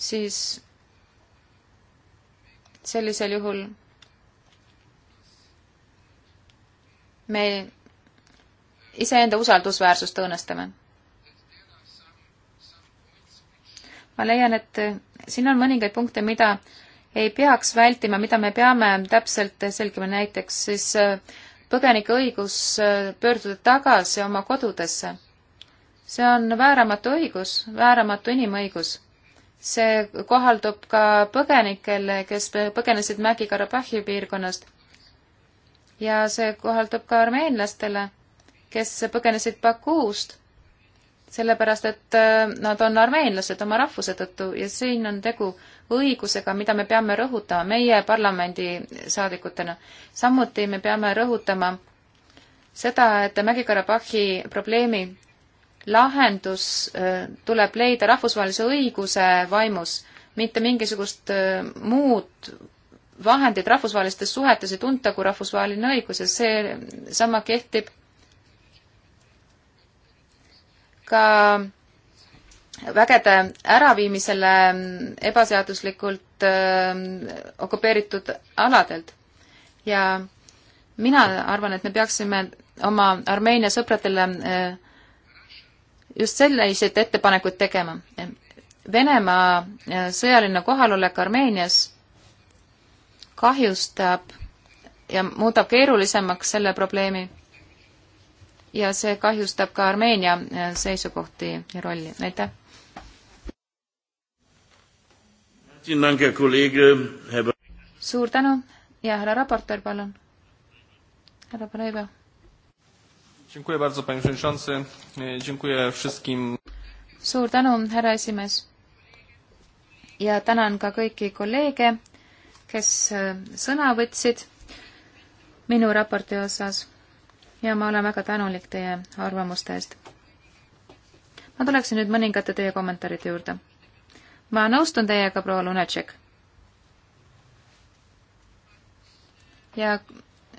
siis sellisel juhul me iseenda usaldusväärsust õõnestame. ma leian, et siin on mõningaid punkte, mida ei peaks vältima, mida me peame täpselt selgima, näiteks siis äh, põgenike õigus äh, pöörduda tagasi oma kodudesse. see on vääramatu õigus, vääramatu inimõigus. see kohaldub ka põgenikele, kes põgenesid Mägi-Karabahhi piirkonnast. ja see kohaldub ka armeenlastele, kes põgenesid Bakuust, sellepärast et äh, nad on armeenlased oma rahvuse tõttu ja siin on tegu õigusega, mida me peame rõhutama meie parlamendisaadikutena. samuti me peame rõhutama seda, et Mägi-Karabahhi probleemi lahendus äh, tuleb leida rahvusvahelise õiguse vaimus, mitte mingisugust äh, muud vahendit rahvusvahelistes suhetes ei tunta kui rahvusvaheline õigus ja see sama kehtib ka vägede äraviimisele ebaseaduslikult äh, okupeeritud aladelt. ja mina arvan, et me peaksime oma Armeenia sõpradele äh, just selliseid ettepanekuid tegema. Venemaa äh, sõjaline kohalolek Armeenias kahjustab ja muudab keerulisemaks selle probleemi ja see kahjustab ka Armeenia äh, seisukohti ja rolli. aitäh! suur tänu ja härra raportöör, palun. härra Breva. Dziękuję bardzo, panie przewodniczący. E, dziękuję wszystkim. Suur tänu, härra esimees. Ja tänan ka kõiki kolleege, kes e, sõna võtsid minu raporti osas. Ja ma olen väga tänulik teie arvamuste eest. Ma tuleksin nüüd mõningate teie kommentaaride juurde ma nõustun teiega, proua Lunatšek. ja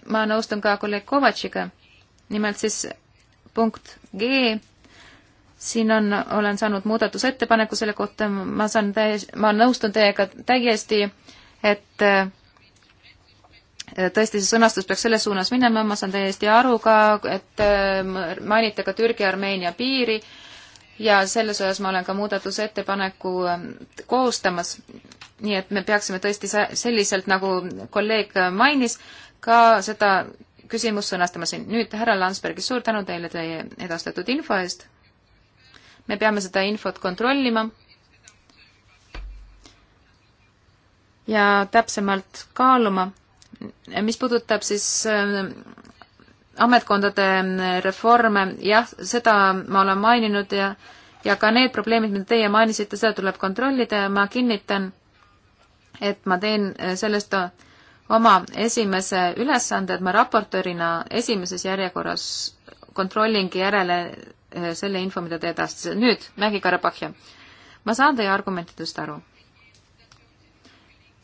ma nõustun ka kolleeg Kovatšiga. nimelt siis punkt G, siin on, olen saanud muudatusettepaneku selle kohta, ma saan täies-, ma nõustun teiega täiesti, et tõesti, see sõnastus peaks selles suunas minema, ma saan täiesti aru ka, et mainite ka Türgi-Armeenia piiri, ja selles osas ma olen ka muudatusettepaneku ähm, koostamas, nii et me peaksime tõesti selliselt, nagu kolleeg mainis, ka seda küsimust sõnastama siin. nüüd härra Landsbergis, suur tänu teile teie edastatud info eest. me peame seda infot kontrollima. ja täpsemalt kaaluma. mis puudutab siis ähm, ametkondade reforme, jah, seda ma olen maininud ja, ja ka need probleemid, mida teie mainisite, seda tuleb kontrollida ja ma kinnitan, et ma teen äh, sellest oma esimese ülesande, et ma raportöörina esimeses järjekorras kontrollingi järele äh, selle info, mida te edastasite. nüüd, Mägi Karabahhi. ma saan teie argumentidest aru.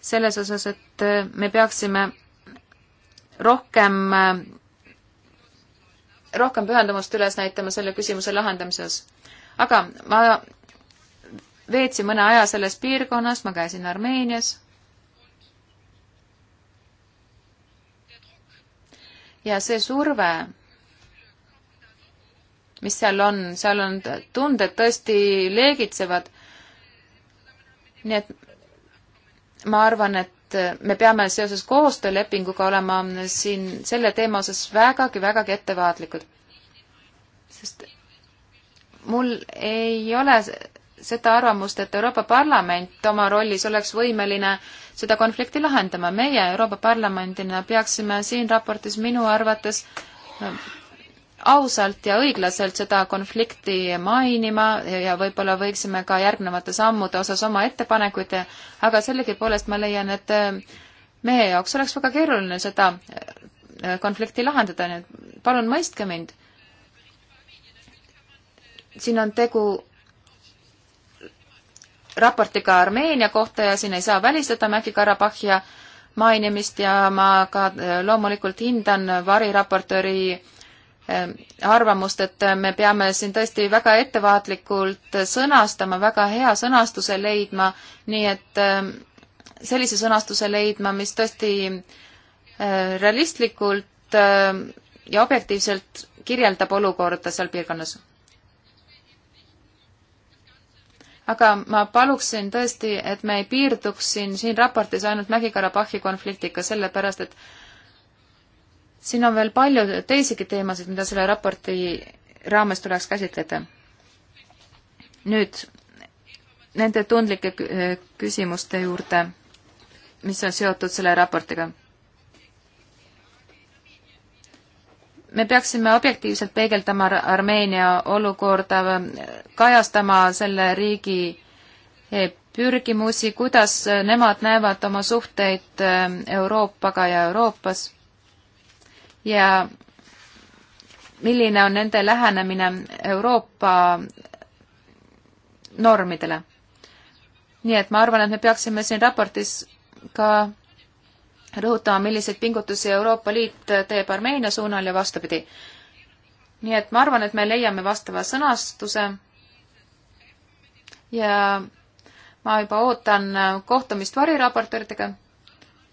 selles osas, et äh, me peaksime rohkem rohkem pühendumust üles näitama selle küsimuse lahendamises. aga ma veetsin mõne aja selles piirkonnas, ma käisin Armeenias. ja see surve, mis seal on, seal on tunded tõesti leegitsevad. nii et ma arvan, et me peame seoses koostöölepinguga olema siin selle teema osas vägagi-vägagi ettevaatlikud. sest mul ei ole seda arvamust, et Euroopa Parlament oma rollis oleks võimeline seda konflikti lahendama. meie Euroopa Parlamendina peaksime siin raportis minu arvates ausalt ja õiglaselt seda konflikti mainima ja võib-olla võiksime ka järgnevate sammude osas oma ettepanekuid teha, aga sellegipoolest ma leian, et äh, meie jaoks oleks väga keeruline seda äh, konflikti lahendada, nii et palun mõistke mind. siin on tegu raportiga Armeenia kohta ja siin ei saa välistada Mägi-Karabahhi mainimist ja ma ka äh, loomulikult hindan variraportööri äh, Ähm, arvamust, et me peame siin tõesti väga ettevaatlikult sõnastama, väga hea sõnastuse leidma, nii et ähm, sellise sõnastuse leidma, mis tõesti äh, realistlikult ähm, ja objektiivselt kirjeldab olukorda seal piirkonnas. aga ma paluksin tõesti, et me ei piirduks siin, siin raportis ainult Mägi-Karabahhi konfliktiga, sellepärast et äh, siin on veel palju teisigi teemasid, mida selle raporti raames tuleks käsitleda. nüüd nende tundlike küsimuste juurde, mis on seotud selle raportiga. me peaksime objektiivselt peegeldama Armeenia olukorda, kajastama selle riigi eh, pürgimusi, kuidas eh, nemad näevad oma suhteid eh, Euroopaga ja Euroopas ja milline on nende lähenemine Euroopa normidele. nii et ma arvan, et me peaksime siin raportis ka rõhutama, milliseid pingutusi Euroopa Liit teeb Armeenia suunal ja vastupidi. nii et ma arvan, et me leiame vastava sõnastuse ja ma juba ootan kohtumist variraportööridega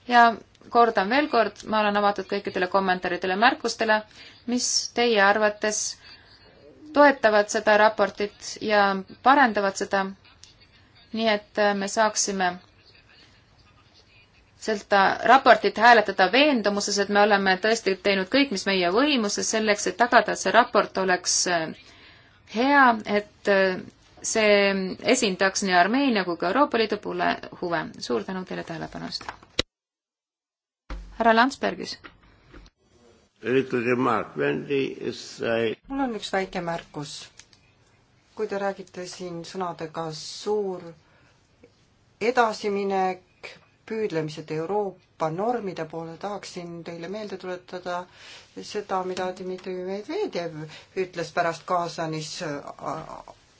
ja kordan veel kord, ma olen avatud kõikidele kommentaaridele, märkustele, mis teie arvates toetavad seda raportit ja parendavad seda, nii et äh, me saaksime seda raportit hääletada veendumuses, et me oleme tõesti teinud kõik, mis meie võimuses, selleks, et tagada, et see raport oleks äh, hea, et äh, see esindaks nii Armeenia kui ka Euroopa Liidu poole huve. suur tänu teile tähelepanu eest! härra Landsbergis. mul on üks väike märkus. kui te räägite siin sõnadega suur edasiminek, püüdlemised Euroopa normide poole, tahaksin teile meelde tuletada seda, mida Dmitri Medvedjev ütles pärast Kaasanis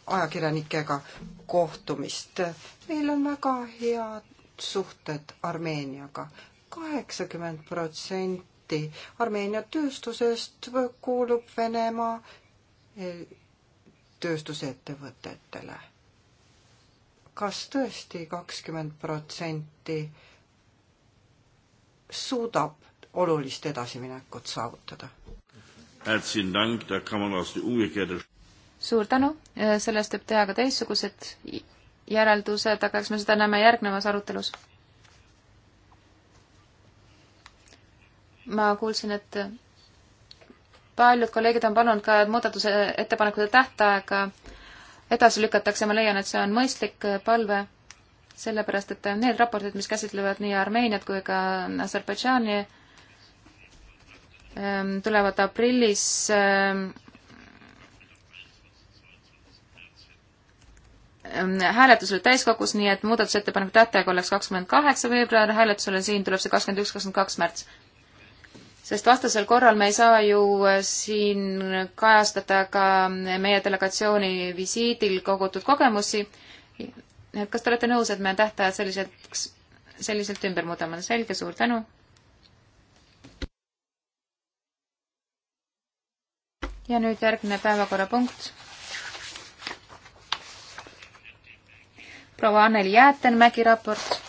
ajakirjanikega kohtumist. meil on väga head suhted Armeeniaga kaheksakümmend protsenti Armeenia tööstusest kuulub Venemaa eh, tööstusettevõtetele. kas tõesti kakskümmend protsenti suudab olulist edasiminekut saavutada? suur tänu, äh, sellest võib teha ka teistsugused järeldused, aga eks me seda näeme järgnevas arutelus ma kuulsin, et paljud kolleegid on palunud ka, et muudatuse ettepanekute tähtaega edasi lükatakse, ma leian, et see on mõistlik palve, sellepärast et need raportid, mis käsitlevad nii Armeeniat kui ka Aserbaidžaani, ehm, tulevad aprillis ehm, ehm, hääletusel täiskogus, nii et muudatusettepaneku tähtaeg oleks kakskümmend kaheksa veebruar, hääletusele siin tuleb see kakskümmend üks, kakskümmend kaks märts sest vastasel korral me ei saa ju äh, siin kajastada ka meie delegatsiooni visiidil kogutud kogemusi. et kas te olete nõus, et me tähtajad selliseks, selliselt ümber muudame? selge, suur tänu. ja nüüd järgmine päevakorrapunkt. proua Anneli Jäätenmägi raport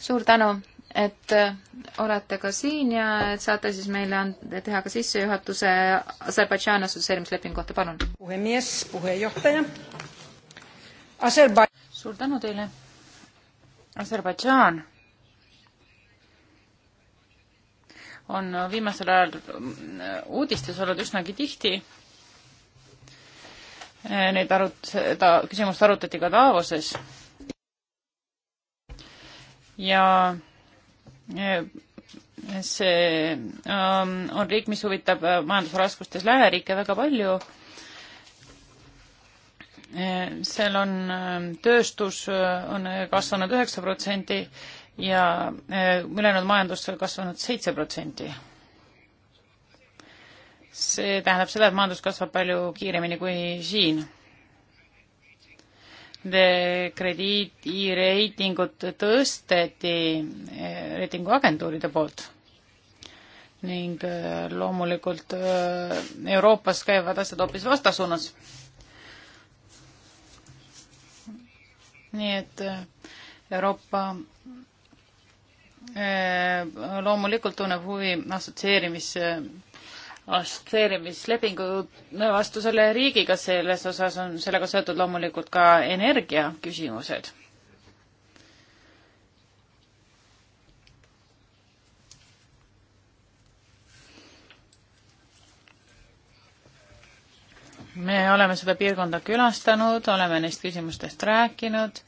suur tänu, et äh, olete ka siin ja et saate siis meile teha ka sissejuhatuse Aserbaidžaani assotsieerimislepingu kohta, palun. puhemees, puhejuhataja. Aserba-. suur tänu teile. Aserbaidžaan on viimasel ajal äh, uudistes olnud üsnagi tihti. Äh, neid arut-, seda küsimust arutati ka Davoses ja eh, see ähm, on riik, mis huvitab äh, majandusraskustes lääneriike väga palju. Eh, seal on ähm, tööstus äh, on äh, kasvanud üheksa protsenti ja ülejäänud majandus kasvanud seitse protsenti. see tähendab seda, et majandus kasvab palju kiiremini kui siin krediidireitingut tõsteti eh, reitinguagentuuride poolt ning eh, loomulikult eh, Euroopas käivad asjad hoopis vastasuunas. nii et Euroopa loomulikult tunneb huvi assotsieerimis assotsieerimislepingu vastu selle riigiga, selles osas on sellega seotud loomulikult ka energiaküsimused. me oleme seda piirkonda külastanud, oleme neist küsimustest rääkinud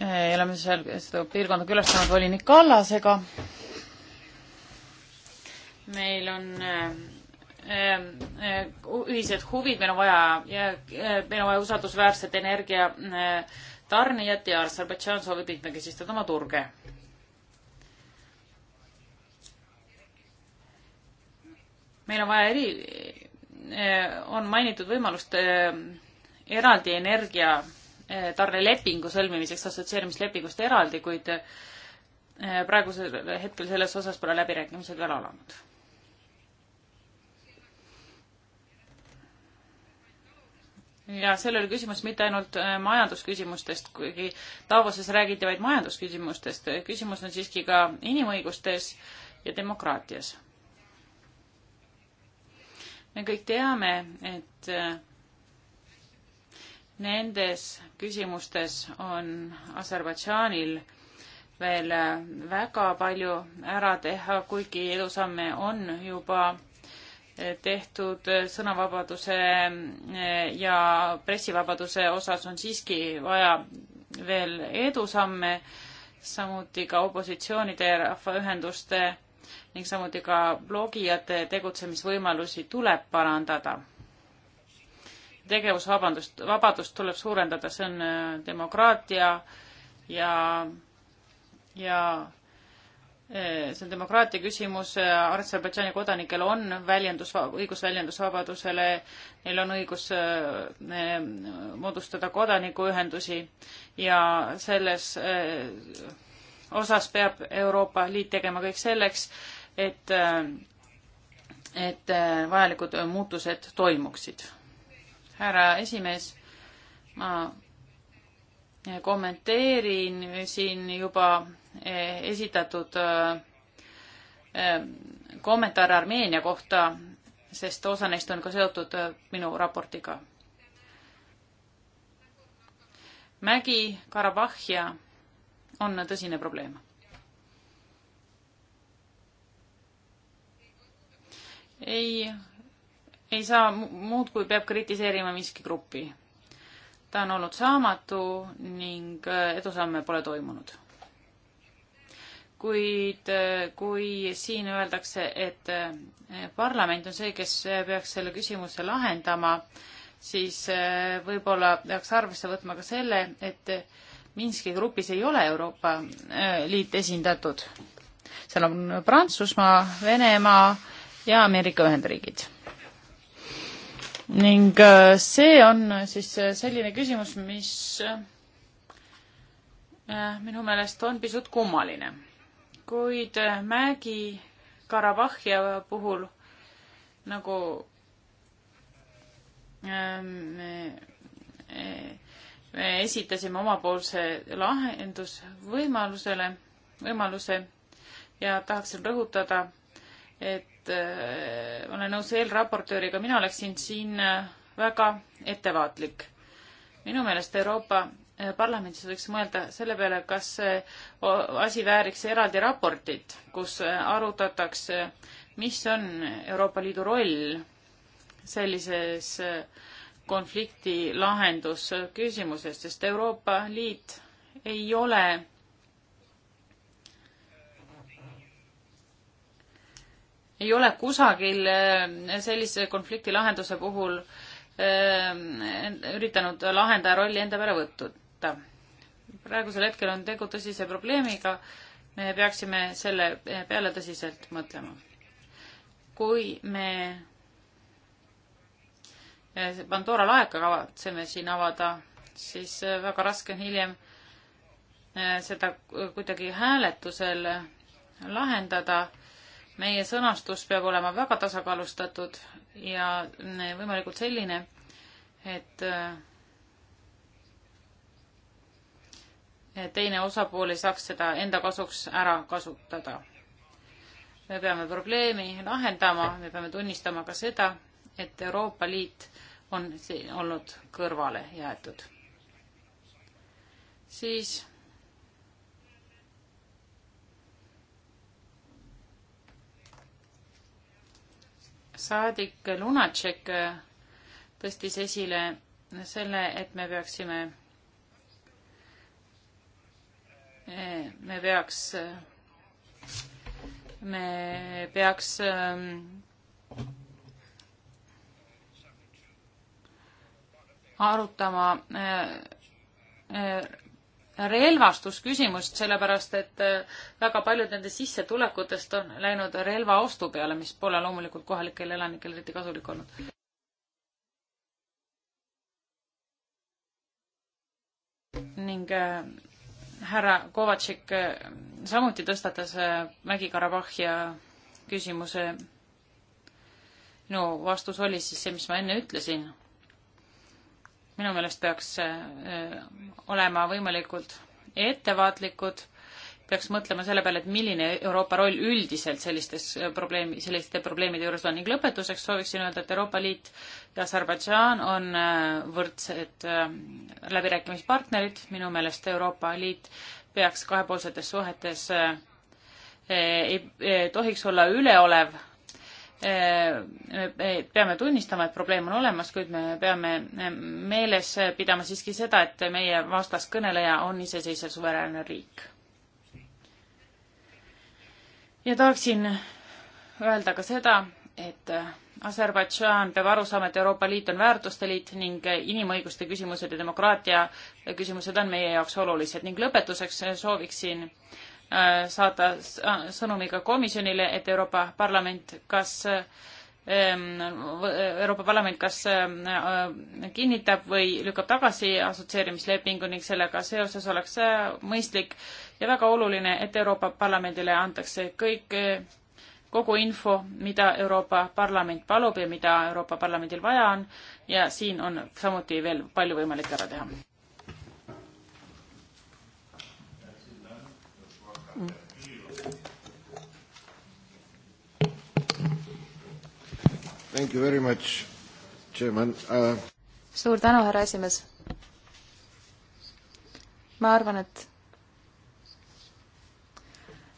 ja oleme seal seda piirkonda külastanud volinik Kallasega meil on äh, äh, äh, ühised huvid, meil on vaja, meil on vaja usaldusväärset energiatarnijat ja Aserbaidžaan soovib mitmekesistada oma turge. meil on vaja eri, on mainitud võimalust eraldi energiatarnelepingu sõlmimiseks assotsieerimislepingust eraldi, kuid praegusel hetkel selles osas pole läbirääkimised veel alanud ja seal oli küsimus mitte ainult äh, majandusküsimustest, kuigi Davoses räägiti vaid majandusküsimustest, küsimus on siiski ka inimõigustes ja demokraatias. me kõik teame, et äh, nendes küsimustes on Aserbaidžaanil veel äh, väga palju ära teha, kuigi edusamme on juba tehtud sõnavabaduse eh, ja pressivabaduse osas on siiski vaja veel edusamme, samuti ka opositsioonide ja rahvaühenduste ning samuti ka blogijate tegutsemisvõimalusi tuleb parandada. tegevusvabandust, vabadust tuleb suurendada, see on eh, demokraatia ja, ja Äh, see on demokraatia küsimus, äh, Aserbaidžaani kodanikel on väljendus, õigus väljendusvabadusele, neil on õigus äh, moodustada kodanikuühendusi ja selles osas peab Euroopa Liit tegema kõik selleks, et, et vajalikud muutused toimuksid. härra esimees, ma kommenteerin siin juba eh, esitatud eh, eh, kommentaare Armeenia kohta, sest osa neist on ka seotud minu raportiga. Mägi-Karabahhia on tõsine probleem. ei, ei saa muud, kui peab kritiseerima miski gruppi ta on olnud saamatu ning äh, edusamme pole toimunud. kuid äh, kui siin öeldakse, et äh, parlament on see, kes peaks selle küsimuse lahendama, siis võib-olla peaks arvesse võtma ka selle, et Minski grupis ei ole Euroopa Liit esindatud. seal on Prantsusmaa, Venemaa ja Ameerika Ühendriigid ning äh, see on äh, siis äh, selline küsimus, mis minu meelest on pisut kummaline. kuid Mägi-Karabahhia puhul nagu ähm, me, me esitasime omapoolse lahendusvõimalusele, võimaluse ja tahaksin rõhutada, et et äh, olen nõus eelraportööriga, mina oleksin siin äh, väga ettevaatlik. minu meelest Euroopa äh, Parlamendis võiks mõelda selle peale, kas äh, asi vääriks eraldi raportit, kus äh, arutatakse, mis on Euroopa Liidu roll sellises äh, konflikti lahendusküsimuses, sest Euroopa Liit ei ole ei ole kusagil äh, sellise konflikti lahenduse puhul äh, üritanud lahendaja rolli enda peale võtta. praegusel hetkel on tegu tõsise probleemiga, me peaksime selle peale tõsiselt mõtlema. kui me äh, Pandora laeka kavatseme siin avada, siis väga raske on hiljem seda kuidagi hääletusel lahendada meie sõnastus peab olema väga tasakaalustatud ja võimalikult selline, et teine osapool ei saaks seda enda kasuks ära kasutada. me peame probleemi lahendama, me peame tunnistama ka seda, et Euroopa Liit on siin olnud kõrvale jäetud. siis saadik Lunatšek tõstis esile selle, et me peaksime, me peaks, me peaks arutama relvastusküsimust, sellepärast et äh, väga paljud nende sissetulekutest on läinud relva ostu peale, mis pole loomulikult kohalikel elanikel eriti kasulik olnud. ning äh, härra Kovatšik äh, samuti tõstatas äh, Mägi-Karabahhia küsimuse. minu vastus oli siis see, mis ma enne ütlesin minu meelest peaks äh, olema võimalikult ettevaatlikud, peaks mõtlema selle peale, et milline Euroopa roll üldiselt sellistes äh, probleemi, selliste probleemide juures on ning lõpetuseks sooviksin öelda, et Euroopa Liit ja Aserbaidžaan on äh, võrdsed läbirääkimispartnerid, minu meelest Euroopa Liit peaks kahepoolsetes suhetes ei, ei tohiks olla üleolev, Äh, peame tunnistama, et probleem on olemas, kuid me peame äh, meeles pidama siiski seda, et meie vastaskõneleja on iseseisev suveräänne riik. ja tahaksin öelda ka seda, et Aserbaidžaan peab aru saama, et Euroopa Liit on väärtuste liit ning inimõiguste küsimused ja demokraatia küsimused on meie jaoks olulised ning lõpetuseks sooviksin äh, Äh, saata äh, sõnumiga komisjonile, et Euroopa Parlament kas ähm, Euroopa Parlament kas ähm, äh, kinnitab või lükkab tagasi assotsieerimislepingu ning sellega seoses oleks mõistlik ja väga oluline, et Euroopa Parlamendile antakse kõik, kogu info, mida Euroopa Parlament palub ja mida Euroopa Parlamendil vaja on ja siin on samuti veel palju võimalik ära teha. Thank you very much, chairman uh.... suur tänu, härra esimees. ma arvan, et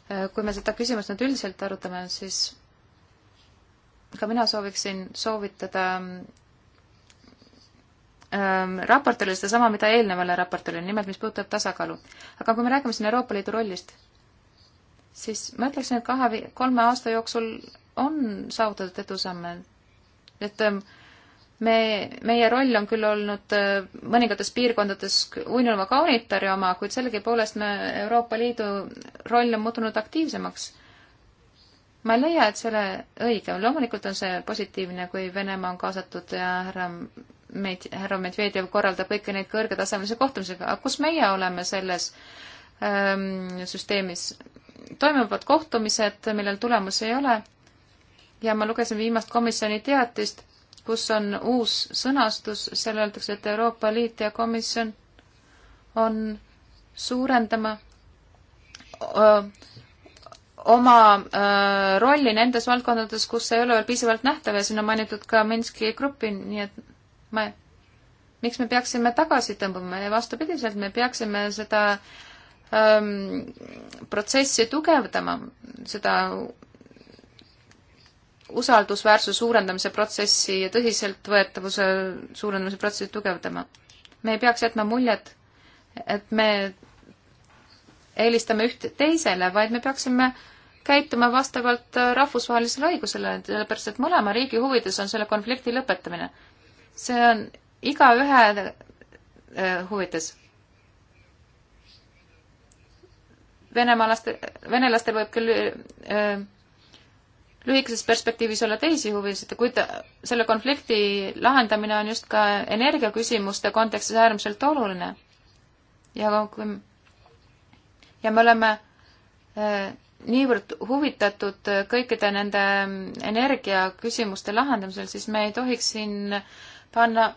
äh, kui me seda küsimust nüüd üldiselt arutame, siis ka mina sooviksin soovitada ähm, raportile sedasama, mida eelnevale raportile, nimelt mis puudutab tasakaalu. aga kui me räägime siin Euroopa Liidu rollist, siis ma ütleksin, et kahe või kolme aasta jooksul on saavutatud edusamme et ähm, me, meie roll on küll olnud äh, mõningates piirkondades uinuva kaunitari oma, kuid sellegipoolest me, Euroopa Liidu roll on muutunud aktiivsemaks. ma ei leia, et see ole õige, loomulikult on see positiivne, kui Venemaa on kaasatud ja härra meid, härra Medvedjev korraldab kõiki neid kõrgetasemelisi kohtumisega, aga kus meie oleme selles ähm, süsteemis? toimuvad kohtumised, millel tulemusi ei ole ja ma lugesin viimast komisjoni teatist, kus on uus sõnastus, seal öeldakse, et Euroopa Liit ja komisjon on suurendama öö, oma öö, rolli nendes valdkondades, kus ei ole veel piisavalt nähtav ja siin on mainitud ka Minski gruppi, nii et ma, miks me peaksime tagasi tõmbama ja vastupidiselt, me peaksime seda öö, protsessi tugevdama, seda usaldusväärsuse suurendamise protsessi ja tõsiseltvõetavuse suurendamise protsessi tugevdama. me ei peaks jätma muljet, et me eelistame üht teisele, vaid me peaksime käituma vastavalt rahvusvahelisele õigusele, sellepärast et mõlema riigi huvides on selle konflikti lõpetamine. see on igaühe äh, huvides. venemaalaste, venelastel võib küll öö, äh, lühikeses perspektiivis olla teisi huvisid ja kui ta, selle konflikti lahendamine on just ka energiaküsimuste kontekstis äärmiselt oluline. ja kui, ja me oleme äh, niivõrd huvitatud kõikide nende energiaküsimuste lahendamisel, siis me ei tohiks siin panna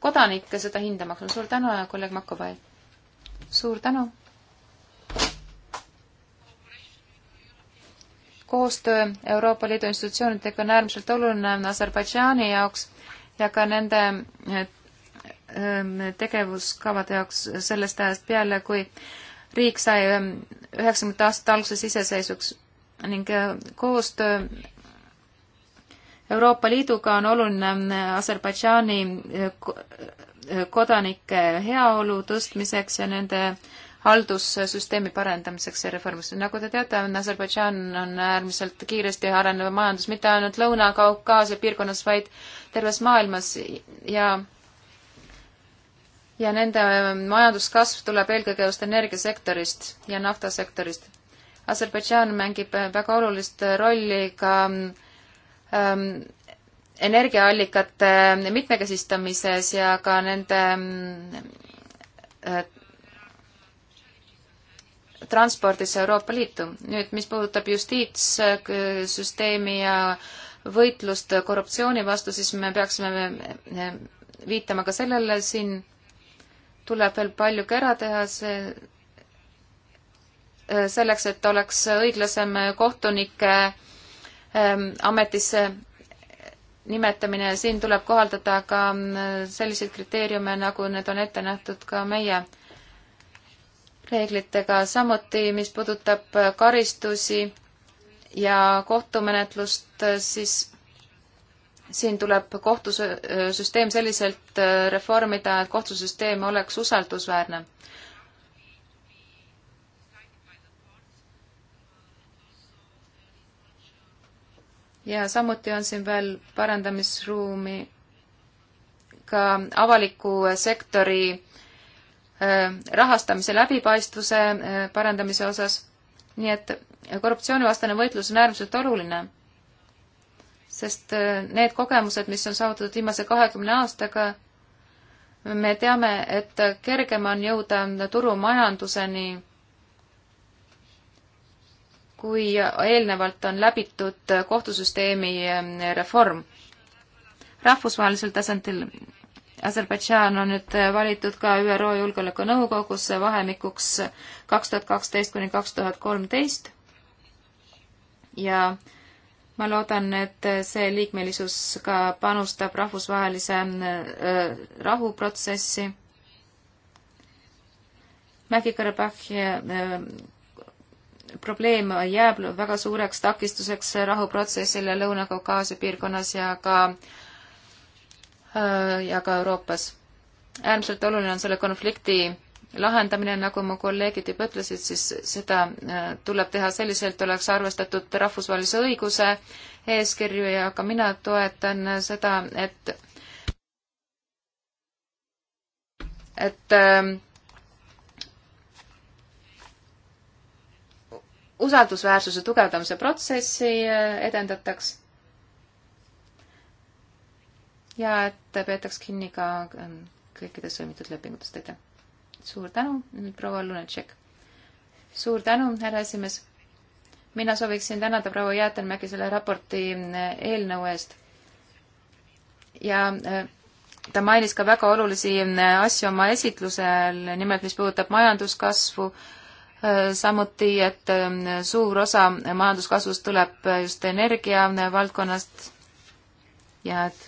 kodanikke seda hindama. suur tänu ja kolleeg Makovail. suur tänu koostöö Euroopa Liidu institutsioonidega on äärmiselt oluline Aserbaidžaani jaoks ja ka nende ähm, tegevuskavade jaoks sellest ajast peale, kui riik sai ähm, üheksakümnendate aastate alguses iseseisvuks ning äh, koostöö Euroopa Liiduga on oluline ähm, Aserbaidžaani äh, äh, kodanike heaolu tõstmiseks ja nende haldussüsteemi parendamiseks ja reformiks. nagu te teate, on Aserbaidžaan on äärmiselt kiiresti arenev majandus, mitte ainult Lõuna-Kaukaasia piirkonnas, vaid terves maailmas ja ja nende majanduskasv tuleb eelkõige just energiasektorist ja naftasektorist. Aserbaidžaan mängib väga olulist rolli ka ähm, energiaallikate mitmekesistamises ja ka nende äh, transpordis Euroopa Liitu. nüüd, mis puudutab justiitssüsteemi ja võitlust korruptsiooni vastu, siis me peaksime viitama ka sellele, siin tuleb veel palju ka ära teha, see selleks, et oleks õiglasem kohtunike ähm, ametisse nimetamine, siin tuleb kohaldada ka ähm, selliseid kriteeriume, nagu need on ette nähtud ka meie äh, reeglitega, samuti mis puudutab karistusi ja kohtumenetlust, siis siin tuleb kohtusüsteem selliselt äh, reformida, et kohtusüsteem oleks usaldusväärne. ja samuti on siin veel parandamisruumi ka avaliku sektori Äh, rahastamise läbipaistvuse äh, parandamise osas. nii et korruptsioonivastane võitlus on äärmiselt oluline, sest äh, need kogemused, mis on saavutatud viimase kahekümne aastaga, me teame, et kergem on jõuda turumajanduseni, kui eelnevalt on läbitud kohtusüsteemi reform rahvusvahelisel tasandil Aserbaidžaan on nüüd äh, valitud ka ÜRO Julgeolekunõukogusse vahemikuks kaks tuhat kaksteist kuni kaks tuhat kolmteist ja ma loodan, et äh, see liikmelisus ka panustab rahvusvahelise äh, rahuprotsessi. Mägi-Karabahhi probleem jääb väga suureks takistuseks rahuprotsessile Lõuna-Kaukaasia piirkonnas ja ka äh, Äh, ja ka Euroopas. äärmiselt oluline on selle konflikti lahendamine, nagu mu kolleegid juba ütlesid, siis seda äh, tuleb teha selliselt, oleks arvestatud rahvusvahelise õiguse eeskirju ja ka mina toetan seda, et et äh, usaldusväärsuse tugevdamise protsessi äh, edendataks ja et peetaks kinni ka ähm, kõikides sõlmitud lepingutest, aitäh. suur tänu, nüüd proua Lunatšek. suur tänu, härra esimees. mina sooviksin tänada proua Jäätelmägi selle raporti äh, eelnõu eest. ja äh, ta mainis ka väga olulisi äh, asju oma esitlusel, nimelt mis puudutab majanduskasvu, samuti, et ähm, suur osa majanduskasvust tuleb just energia valdkonnast ja et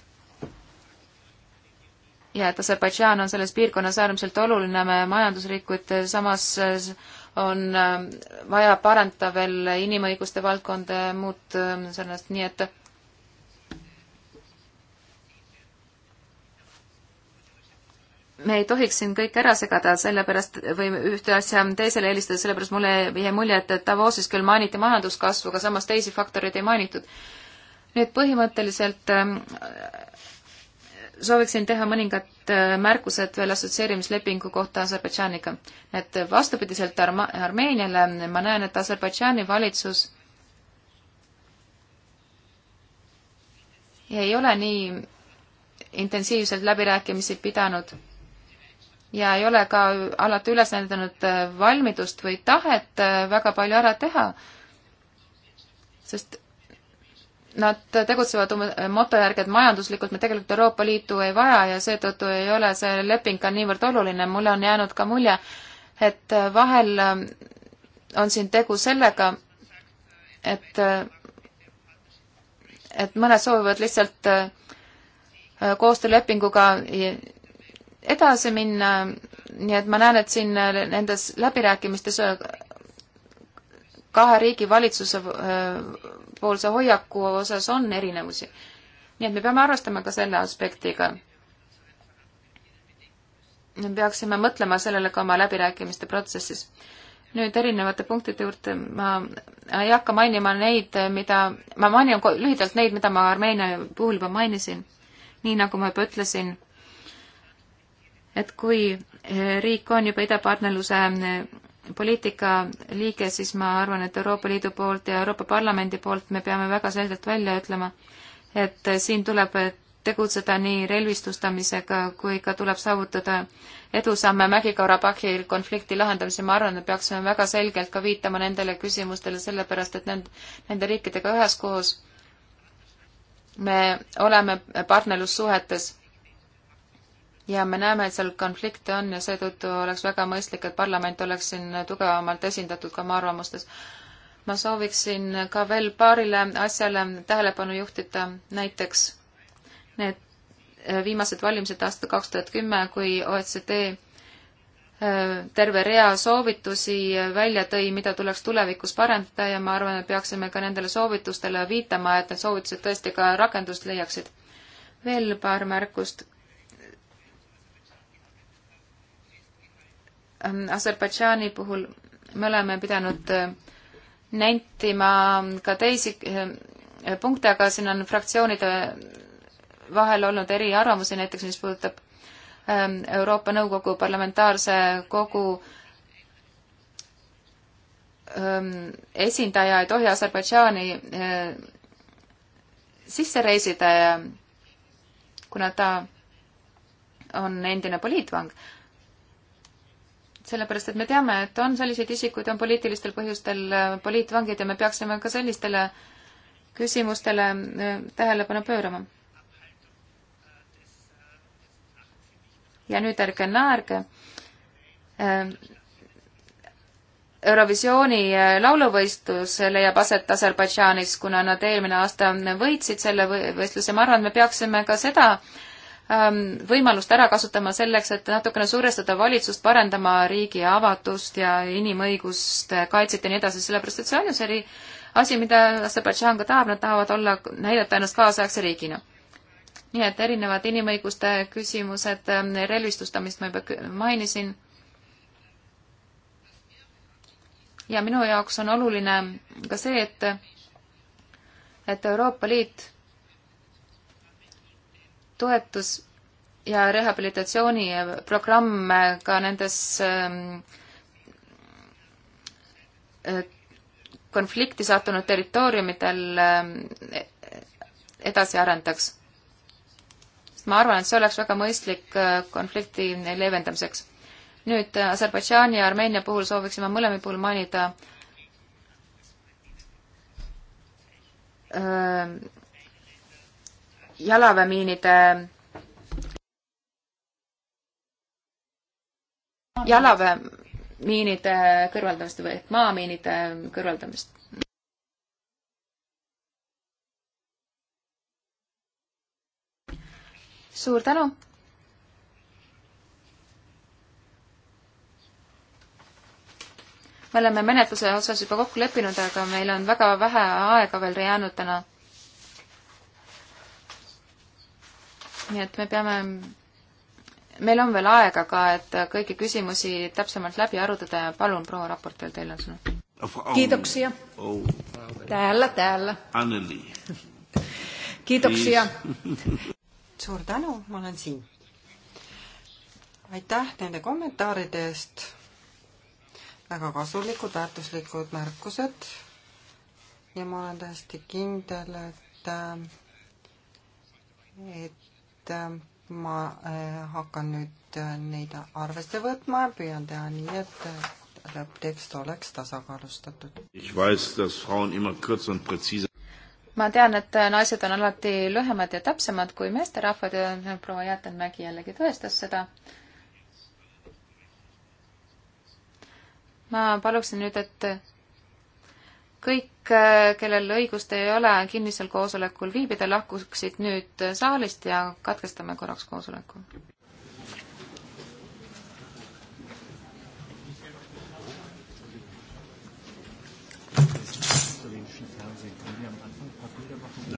ja et Aserbaidžaan on selles piirkonnas äärmiselt oluline majandusriik, kuid eh, samas eh, on eh, vaja parandada veel inimõiguste valdkonda ja muud sarnast, nii et me ei tohiks siin kõik ära segada, sellepärast, või ühte asja teisele eelistada, sellepärast mulle jäi mulje, et Davosis küll mainiti majanduskasvu, aga samas teisi faktoreid ei mainitud. nüüd põhimõtteliselt sooviksin teha mõningad äh, märkused veel assotsieerimislepingu kohta Aserbaidžaaniga. et vastupidiselt Arma-, Armeeniale ma näen, et Aserbaidžaani valitsus ei ole nii intensiivselt läbirääkimisi pidanud ja ei ole ka alati üles näidanud äh, valmidust või tahet äh, väga palju ära teha, sest nad tegutsevad oma moto järgi, et majanduslikult me tegelikult Euroopa Liitu ei vaja ja seetõttu ei ole see leping ka niivõrd oluline. mulle on jäänud ka mulje, et vahel äh, on siin tegu sellega, et, äh, et mõned soovivad lihtsalt äh, koostöölepinguga edasi minna, nii et ma näen, et siin nendes läbirääkimistes kahe riigi valitsuse äh, poolse hoiaku osas on erinevusi. nii et me peame arvestama ka selle aspektiga. me peaksime mõtlema sellele ka oma läbirääkimiste protsessis. nüüd erinevate punktide juurde ma ei hakka mainima neid, mida, ma mainin lühidalt neid, mida ma Armeenia puhul juba mainisin. nii nagu ma juba ütlesin, et kui eh, riik on juba idapartnerluse eh, poliitikaliige, siis ma arvan, et Euroopa Liidu poolt ja Euroopa Parlamendi poolt me peame väga selgelt välja ütlema, et siin tuleb tegutseda nii relvistustamisega kui ka tuleb saavutada edusamme Mägi-Karabahhi konflikti lahendamisel, ma arvan, et peaksime väga selgelt ka viitama nendele küsimustele, sellepärast et nend-, nende riikidega üheskoos me oleme partnerlussuhetes ja me näeme, et seal konflikte on ja seetõttu oleks väga mõistlik, et parlament oleks siin tugevamalt esindatud ka oma arvamustes. ma sooviksin ka veel paarile asjale tähelepanu juhtida, näiteks need viimased valimised aastal kaks tuhat kümme, kui OECD äh, terve rea soovitusi välja tõi, mida tuleks tulevikus parandada ja ma arvan, et peaksime ka nendele soovitustele viitama, et need soovitused tõesti ka rakendust leiaksid. veel paar märkust Ähm, Aserbaidžaani puhul me oleme pidanud äh, nentima ka teisi äh, punkte, aga siin on fraktsioonide vahel olnud eriarvamusi, näiteks mis puudutab ähm, Euroopa Nõukogu Parlamentaarse Kogu ähm, esindaja ei tohi Aserbaidžaani äh, sisse reisida ja kuna ta on endine poliitvang, sellepärast, et me teame, et on selliseid isikuid, on poliitilistel põhjustel äh, poliitvangid ja me peaksime ka sellistele küsimustele äh, tähelepanu pöörama. ja nüüd ärge naerge. Äh, Eurovisiooni lauluvõistlus leiab aset Aserbaidžaanis, kuna nad eelmine aasta võitsid selle võistluse, ma arvan, et me peaksime ka seda äh, Ähm, võimalust ära kasutama selleks, et natukene suurestada valitsust, parendama riigi avatust ja inimõiguste kaitset ja nii edasi, sellepärast et see on ju see asi, mida Aserbaidžaan ka tahab, nad tahavad olla, näidata ennast kaasaegse riigina. nii et erinevad inimõiguste küsimused, ähm, relvistustamist ma juba mainisin. ja minu jaoks on oluline ka see, et, et Euroopa Liit toetus ja rehabilitatsiooniprogramm ka nendes ähm, äh, konflikti sattunud territooriumidel ähm, edasi arendaks. ma arvan, et see oleks väga mõistlik äh, konflikti leevendamiseks. nüüd äh, Aserbaidžaani ja Armeenia puhul sooviksin ma mõlema puhul mainida jalaväemiinide jalaväemiinide kõrvaldamist või ehk maamiinide kõrvaldamist. suur tänu! me oleme menetluse osas juba kokku leppinud, aga meil on väga vähe aega veel jäänud täna nii et me peame, meil on veel aega ka, et kõiki küsimusi täpsemalt läbi arutada ja palun, proua raportöör, teil on sõna. Oh, Kiitoksia oh.. täällä, täällä. Anneli. Kiitoksia. suur tänu, ma olen siin. aitäh nende kommentaaride eest. väga kasulikud, väärtuslikud märkused. ja ma olen täiesti kindel, et et Äh, ma äh, hakkan nüüd äh, neid arvesse võtma ja püüan teha nii, et lõpptekst oleks tasakaalustatud. ma tean, et naised on alati lühemad ja täpsemad kui meesterahvad ja proua Jäätenmägi jällegi tõestas seda. ma paluksin nüüd, et kõik, äh, kellel õigust ei ole kinnisel koosolekul viibida, lahkuksid nüüd saalist ja katkestame korraks koosoleku. William